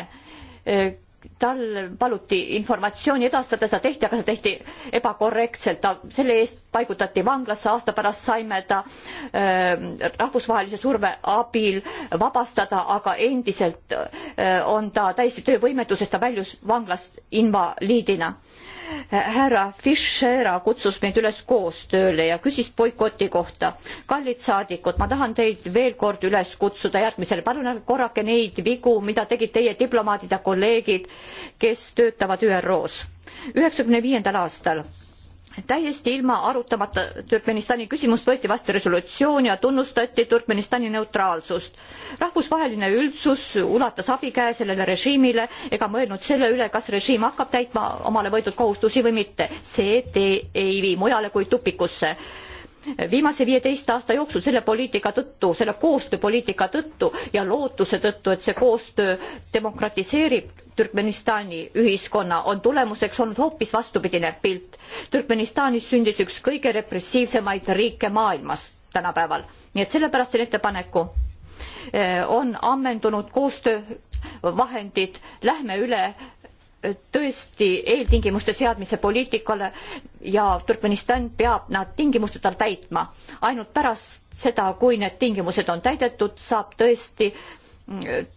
tal paluti informatsiooni edastada, seda tehti, aga seda tehti ebakorrektselt, ta selle eest paigutati vanglasse, aasta pärast saime ta äh, rahvusvahelise surve abil vabastada, aga endiselt äh, on ta täiesti töövõimetuses, ta väljus vanglast invaliidina. härra Fischera kutsus meid üles koostööle ja küsis boikoti kohta. kallid saadikud, ma tahan teid veel kord üles kutsuda järgmisele, palun ärge korrake neid vigu, mida tegid teie diplomaadid ja kolleegid, kes töötavad ÜRO-s. üheksakümne viiendal aastal täiesti ilma arutamata Türkmenistani küsimust võeti vastu resolutsioon ja tunnustati Türkmenistani neutraalsust. rahvusvaheline üldsus ulatas abikäe sellele režiimile ega mõelnud selle üle, kas režiim hakkab täitma omale võetud kohustusi või mitte. see tee ei vii mujale kui tupikusse viimase viieteist aasta jooksul selle poliitika tõttu, selle koostööpoliitika tõttu ja lootuse tõttu, et see koostöö demokratiseerib Türkmenistani ühiskonna, on tulemuseks olnud hoopis vastupidine pilt. Türkmenistanis sündis üks kõige repressiivsemaid riike maailmas tänapäeval, nii et sellepärast teen ettepaneku. Eh, on ammendunud koostöövahendid, lähme üle eh, tõesti eeltingimuste seadmise poliitikale ja Türkmenistan peab nad tingimusteta täitma. ainult pärast seda, kui need tingimused on täidetud, saab tõesti äh,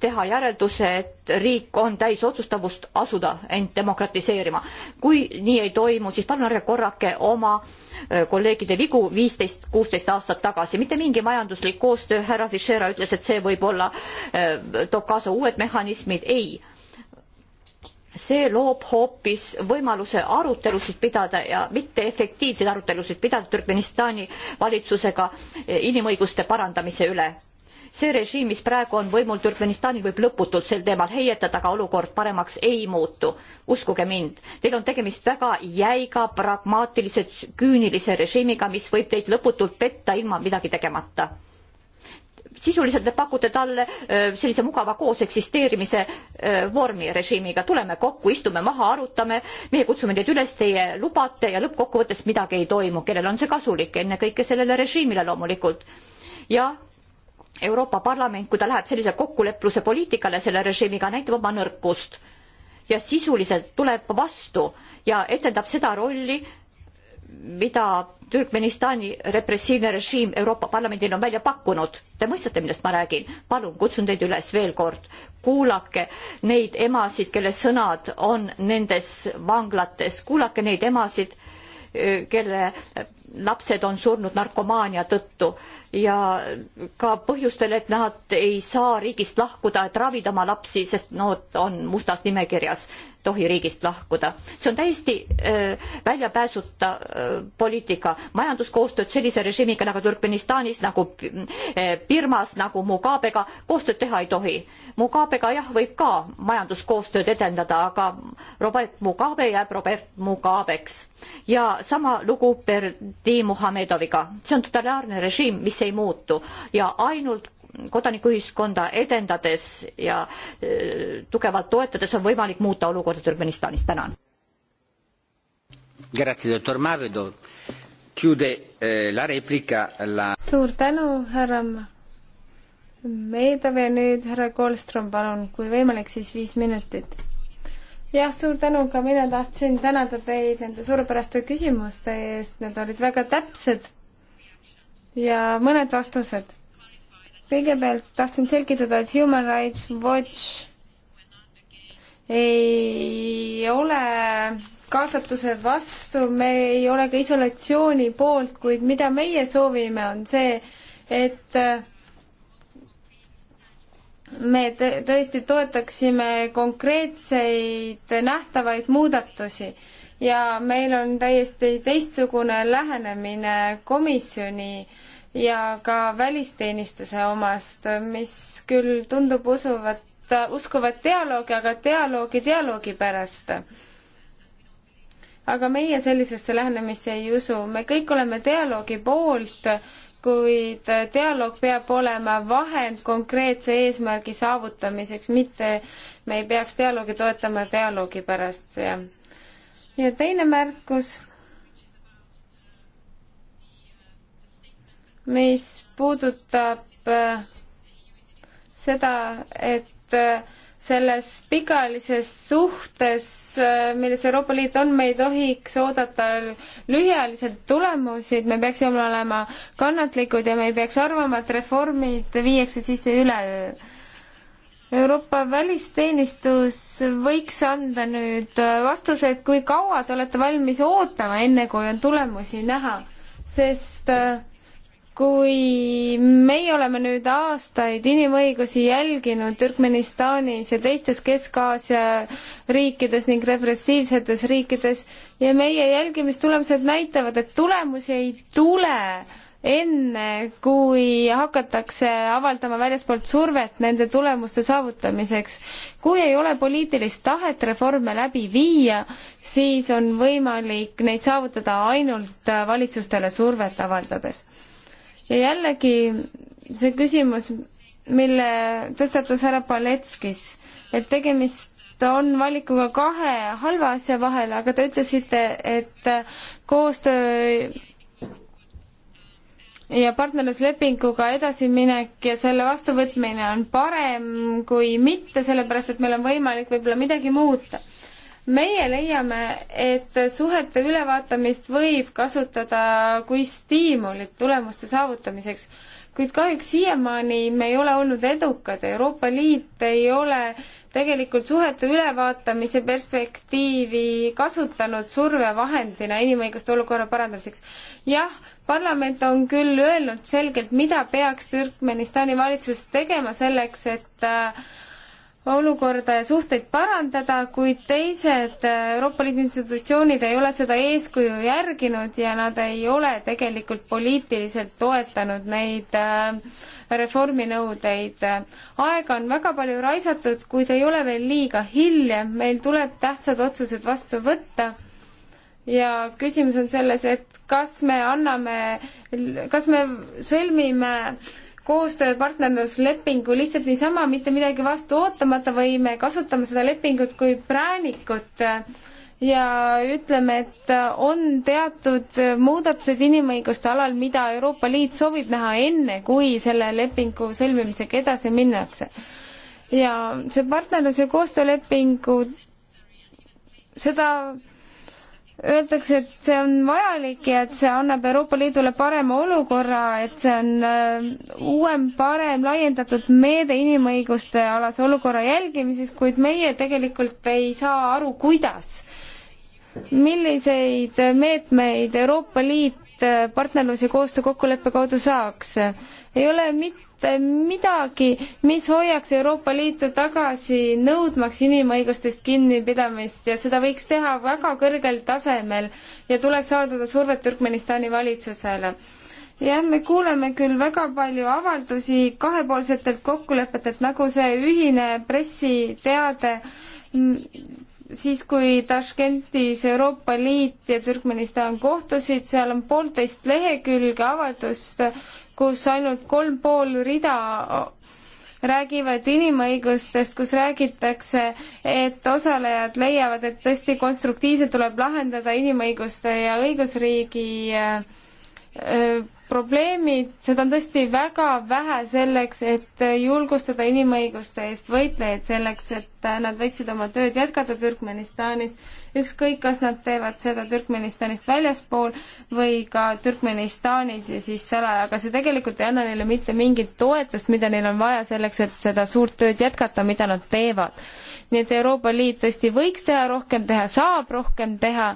teha järelduse, et riik on täis otsustavust asuda end demokratiseerima. kui nii ei toimu, siis palun ärge korrake oma äh, kolleegide vigu viisteist, kuusteist aastat tagasi. mitte mingi majanduslik koostöö, härra Fischera ütles, et see võib-olla äh, toob kaasa uued mehhanismid, ei see loob hoopis võimaluse arutelusid pidada ja mitte efektiivseid arutelusid pidada Türkmenistani valitsusega äh, inimõiguste parandamise üle see režiim, mis praegu on võimul Türkmenistanil, võib lõputult sel teemal heietada, aga olukord paremaks ei muutu. uskuge mind, teil on tegemist väga jäiga, pragmaatilise, küünilise režiimiga, mis võib teid lõputult petta ilma midagi tegemata. sisuliselt te pakute talle sellise mugava koos eksisteerimise vormi režiimiga, tuleme kokku, istume maha, arutame, meie kutsume teid üles, teie lubate ja lõppkokkuvõttes midagi ei toimu, kellel on see kasulik, ennekõike sellele režiimile loomulikult ja Euroopa Parlament, kui ta läheb sellise kokkulepluse poliitikale selle režiimiga, näitab oma nõrkust ja sisuliselt tuleb vastu ja etendab seda rolli, mida Türkmenistani repressiivne režiim Euroopa Parlamendil on välja pakkunud. Te mõistate, millest ma räägin? palun, kutsun teid üles veel kord, kuulake neid emasid, kelle sõnad on nendes vanglates, kuulake neid emasid, kelle lapsed on surnud narkomaania tõttu ja ka põhjustel, et nad ei saa riigist lahkuda, et ravida oma lapsi, sest nad on mustas nimekirjas, tohi riigist lahkuda. see on täiesti äh, väljapääsuta äh, poliitika. majanduskoostööd sellise režiimiga nagu Türkmenistanis, nagu äh, Birmas, nagu Mugabega, koostööd teha ei tohi. Mugabega jah, võib ka majanduskoostööd edendada, aga Robert Mugabe jääb Robert Mugabeks. ja sama lugu Ber-, Mahdi Muhamedoviga. see on totalitaarne režiim, mis ei muutu ja ainult kodanikuühiskonda edendades ja äh, tugevalt toetades on võimalik muuta olukorda Türgmenistanis. tänan. Äh, suur tänu, härra Meedav ja nüüd härra Koolstrom, palun, kui võimalik, siis viis minutit jah, suur tänu ka mina tahtsin tänada teid nende suurepäraste küsimuste eest, need olid väga täpsed ja mõned vastused. kõigepealt tahtsin selgitada, et Human Rights Watch ei ole kaasatuse vastu, me ei ole ka isolatsiooni poolt, kuid mida meie soovime, on see, et me tõesti toetaksime konkreetseid nähtavaid muudatusi ja meil on täiesti teistsugune lähenemine komisjoni ja ka välisteenistuse omast, mis küll tundub usuvat, uskuvat dialoogi, aga dialoogi dialoogi pärast. aga meie sellisesse lähenemisse ei usu, me kõik oleme dialoogi poolt kuid dialoog peab olema vahend konkreetse eesmärgi saavutamiseks, mitte me ei peaks dialoogi toetama dialoogi pärast ja ja teine märkus, mis puudutab äh, seda, et äh, selles pikaajalises suhtes, milles Euroopa Liit on, me ei tohiks oodata lühiajaliselt tulemusi, et me peaksime olema kannatlikud ja me ei peaks arvama, et reformid viiakse sisse üleöö. Euroopa välisteenistus võiks anda nüüd vastuse, et kui kaua te olete valmis ootama, enne kui on tulemusi näha, sest äh, kui meie oleme nüüd aastaid inimõigusi jälginud Türkmenistanis ja teistes Kesk-Aasia riikides ning repressiivsetes riikides ja meie jälgimistulemused näitavad, et tulemusi ei tule enne, kui hakatakse avaldama väljaspoolt survet nende tulemuste saavutamiseks. kui ei ole poliitilist tahet reforme läbi viia, siis on võimalik neid saavutada ainult valitsustele survet avaldades ja jällegi see küsimus, mille tõstatas härra Paletskis, et tegemist on valikuga kahe halva asja vahel, aga te ütlesite, et koostöö ja partnerluslepinguga edasiminek ja selle vastuvõtmine on parem kui mitte, sellepärast et meil on võimalik võib-olla midagi muuta meie leiame, et suhete ülevaatamist võib kasutada kui stiimulit tulemuste saavutamiseks, kuid kahjuks siiamaani me ei ole olnud edukad, Euroopa Liit ei ole tegelikult suhete ülevaatamise perspektiivi kasutanud survevahendina inimõiguste olukorra parandamiseks. jah, parlament on küll öelnud selgelt, mida peaks Türkmenistani valitsus tegema selleks, et äh, olukorda ja suhteid parandada, kuid teised Euroopa Liidu institutsioonid ei ole seda eeskuju järginud ja nad ei ole tegelikult poliitiliselt toetanud neid äh, reforminõudeid. aega on väga palju raisatud, kuid ei ole veel liiga hilja, meil tuleb tähtsad otsused vastu võtta ja küsimus on selles, et kas me anname, kas me sõlmime koostööpartnerluslepingu lihtsalt niisama, mitte midagi vastu ootamata või me kasutame seda lepingut kui präänikut ja ütleme, et on teatud muudatused inimõiguste alal, mida Euroopa Liit soovib näha enne, kui selle lepingu sõlmimisega edasi minnakse. ja see partnerlus- ja koostöölepingu, seda öeldakse, et see on vajalik ja et see annab Euroopa Liidule parema olukorra, et see on äh, uuem, parem, laiendatud meede inimõiguste alase olukorra jälgimises, kuid meie tegelikult ei saa aru, kuidas. milliseid meetmeid Euroopa Liit Äh, partnerlus- ja koostöökokkuleppe kaudu saaks. ei ole mitte midagi, mis hoiaks Euroopa Liitu tagasi nõudmaks inimõigustest kinnipidamist ja seda võiks teha väga kõrgel tasemel ja tuleks avaldada survet Türkmenistani valitsusele jah, me kuuleme küll väga palju avaldusi kahepoolsetelt kokkulepetelt, nagu see ühine pressiteade siis, kui Taškentis Euroopa Liit ja Türkmenistan kohtusid, seal on poolteist lehekülge avaldust, kus ainult kolm pool rida räägivad inimõigustest, kus räägitakse, et osalejad leiavad, et tõesti konstruktiivselt tuleb lahendada inimõiguste ja õigusriigi äh, probleemid, seda on tõesti väga vähe selleks, et julgustada inimõiguste eest võitlejaid, selleks et nad võiksid oma tööd jätkata Türkmenistanis, ükskõik, kas nad teevad seda Türkmenistanist väljaspool või ka Türkmenistanis ja siis salaja, aga see tegelikult ei anna neile mitte mingit toetust, mida neil on vaja selleks, et seda suurt tööd jätkata, mida nad teevad. nii et Euroopa Liit tõesti võiks teha rohkem, teha saab rohkem teha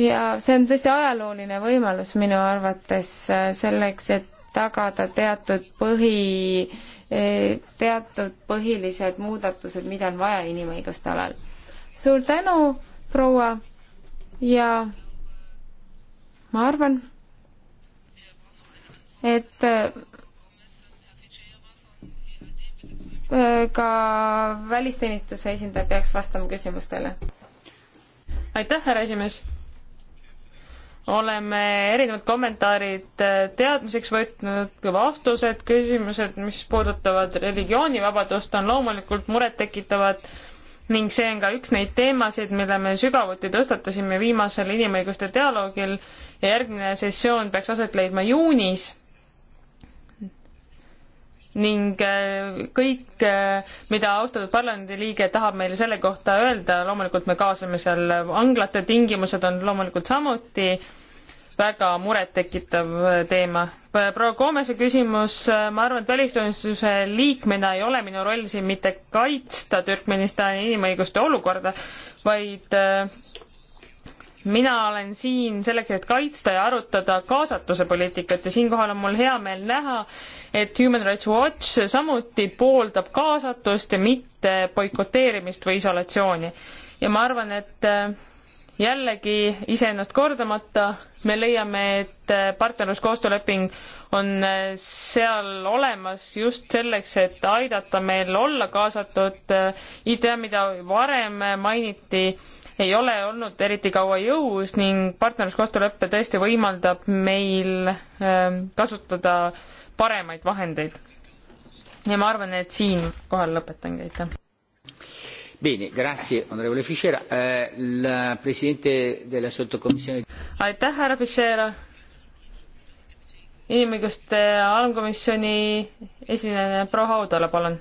ja see on tõesti ajalooline võimalus minu arvates äh, selleks, et tagada teatud põhi, äh, teatud põhilised muudatused, mida on vaja inimõiguste alal. suur tänu, proua, ja ma arvan, et äh, ka välisteenistuse esindaja peaks vastama küsimustele. aitäh, härra esimees oleme erinevad kommentaarid äh, teadmiseks võtnud, vastused, küsimused, mis puudutavad religioonivabadust, on loomulikult murettekitavad ning see on ka üks neid teemasid, mille me sügavuti tõstatasime viimasel inimõiguste dialoogil ja järgmine sessioon peaks aset leidma juunis ning äh, kõik, äh, mida austatud parlamendiliige tahab meile selle kohta öelda, loomulikult me kaasame seal, vanglate tingimused on loomulikult samuti väga murettekitav teema. proua Koomese küsimus, ma arvan, et välisteenistuse liikmena ei ole minu roll siin mitte kaitsta Türkmenistani inimõiguste olukorda, vaid äh, mina olen siin selleks, et kaitsta ja arutada kaasatuse poliitikat ja siinkohal on mul hea meel näha, et Human Rights Watch samuti pooldab kaasatust ja mitte boikoteerimist või isolatsiooni. ja ma arvan, et äh, jällegi iseennast kordamata, me leiame, et äh, partnerluskoostööleping on äh, seal olemas just selleks, et aidata meil olla kaasatud. idee, mida varem mainiti, ei ole olnud eriti kaua jõus ning partnerluskoostööleppe tõesti võimaldab meil ähm, kasutada paremaid vahendeid. ja ma arvan, et siinkohal lõpetangi, aitäh. Bene, grazie onorevole Fischer. Eh, la presidente della sottocommissione. aitäh, härra Fischer. inimõiguste alamkomisjoni esinejana proua Haudala, palun.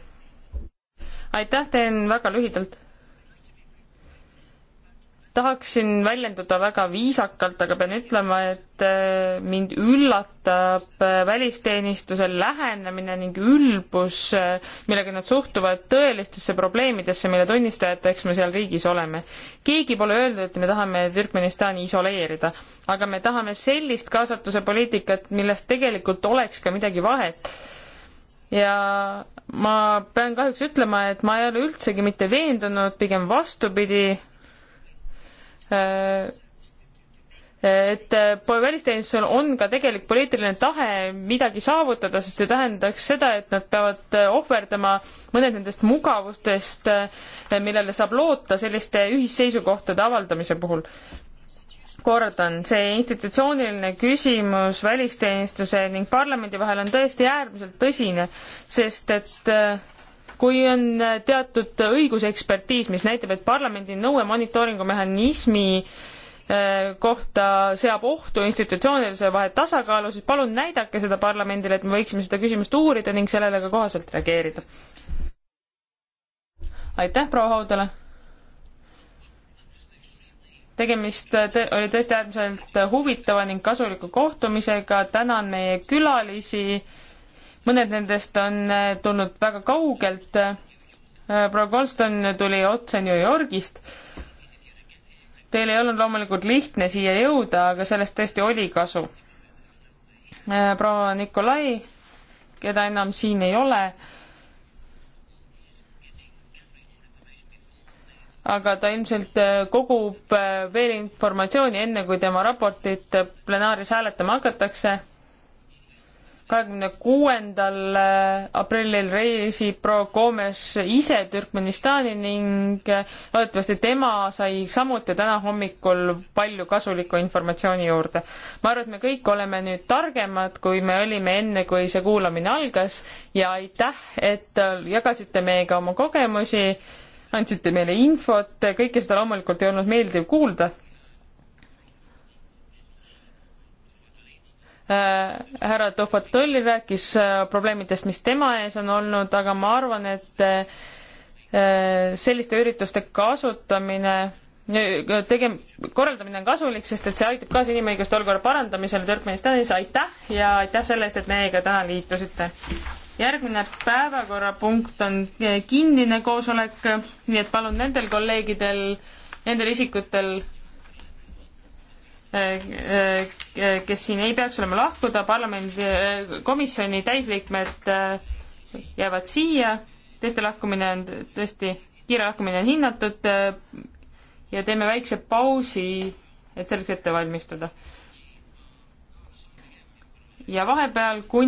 aitäh, teen väga lühidalt tahaksin väljenduda väga viisakalt, aga pean ütlema, et äh, mind üllatab äh, välisteenistuse lähenemine ning ülbus, äh, millega nad suhtuvad tõelistesse probleemidesse, mille tunnistajateks me seal riigis oleme. keegi pole öelnud, et me tahame Türkmenistani isoleerida, aga me tahame sellist kaasatuse poliitikat, millest tegelikult oleks ka midagi vahet ja ma pean kahjuks ütlema, et ma ei ole üldsegi mitte veendunud, pigem vastupidi, et välisteenistusel on ka tegelik poliitiline tahe midagi saavutada, sest see tähendaks seda, et nad peavad ohverdama mõned nendest mugavustest, millele saab loota selliste ühisseisukohtade avaldamise puhul. kordan, see institutsiooniline küsimus välisteenistuse ning parlamendi vahel on tõesti äärmiselt tõsine, sest et äh, kui on teatud õigusekspertiis, mis näitab, et parlamendi nõue monitooringu mehhanismi äh, kohta seab ohtu institutsioonilise vahel tasakaalu, siis palun näidake seda parlamendile, et me võiksime seda küsimust uurida ning sellele ka kohaselt reageerida. aitäh proua Haudale! tegemist oli tõesti äärmiselt huvitava ning kasuliku kohtumisega, tänan meie külalisi mõned nendest on äh, tulnud väga kaugelt. Äh, proua Colston tuli otse New Yorgist. Teil ei olnud loomulikult lihtne siia jõuda, aga sellest tõesti oli kasu. Äh, proua Nikolai, keda enam siin ei ole, aga ta ilmselt kogub veel informatsiooni, enne kui tema raportit plenaaris hääletama hakatakse kahekümne kuuendal äh, aprillil reisib proua Gomes ise Türkmenistani ning äh, loodetavasti tema sai samuti täna hommikul palju kasulikku informatsiooni juurde. ma arvan, et me kõik oleme nüüd targemad, kui me olime enne, kui see kuulamine algas ja aitäh, et äh, jagasite meiega oma kogemusi, andsite meile infot, kõike seda loomulikult ei olnud meeldiv kuulda Äh, härra Tohvatolli rääkis äh, probleemidest, mis tema ees on olnud, aga ma arvan, et äh, selliste ürituste kasutamine tegem-, korraldamine on kasulik, sest et see aitab kaasa inimõiguste olukorra parandamisele Türkmenistanis, aitäh ja aitäh selle eest, et meiega täna liitusite. järgmine päevakorrapunkt on kinnine koosolek, nii et palun nendel kolleegidel, nendel isikutel, kes siin ei peaks olema lahkuda, parlamendi eh, komisjoni täisliikmed eh, jäävad siia, teiste lahkumine on tõesti, kiire lahkumine on hinnatud eh, ja teeme väikse pausi, et selleks ette valmistuda. ja vahepeal, kuni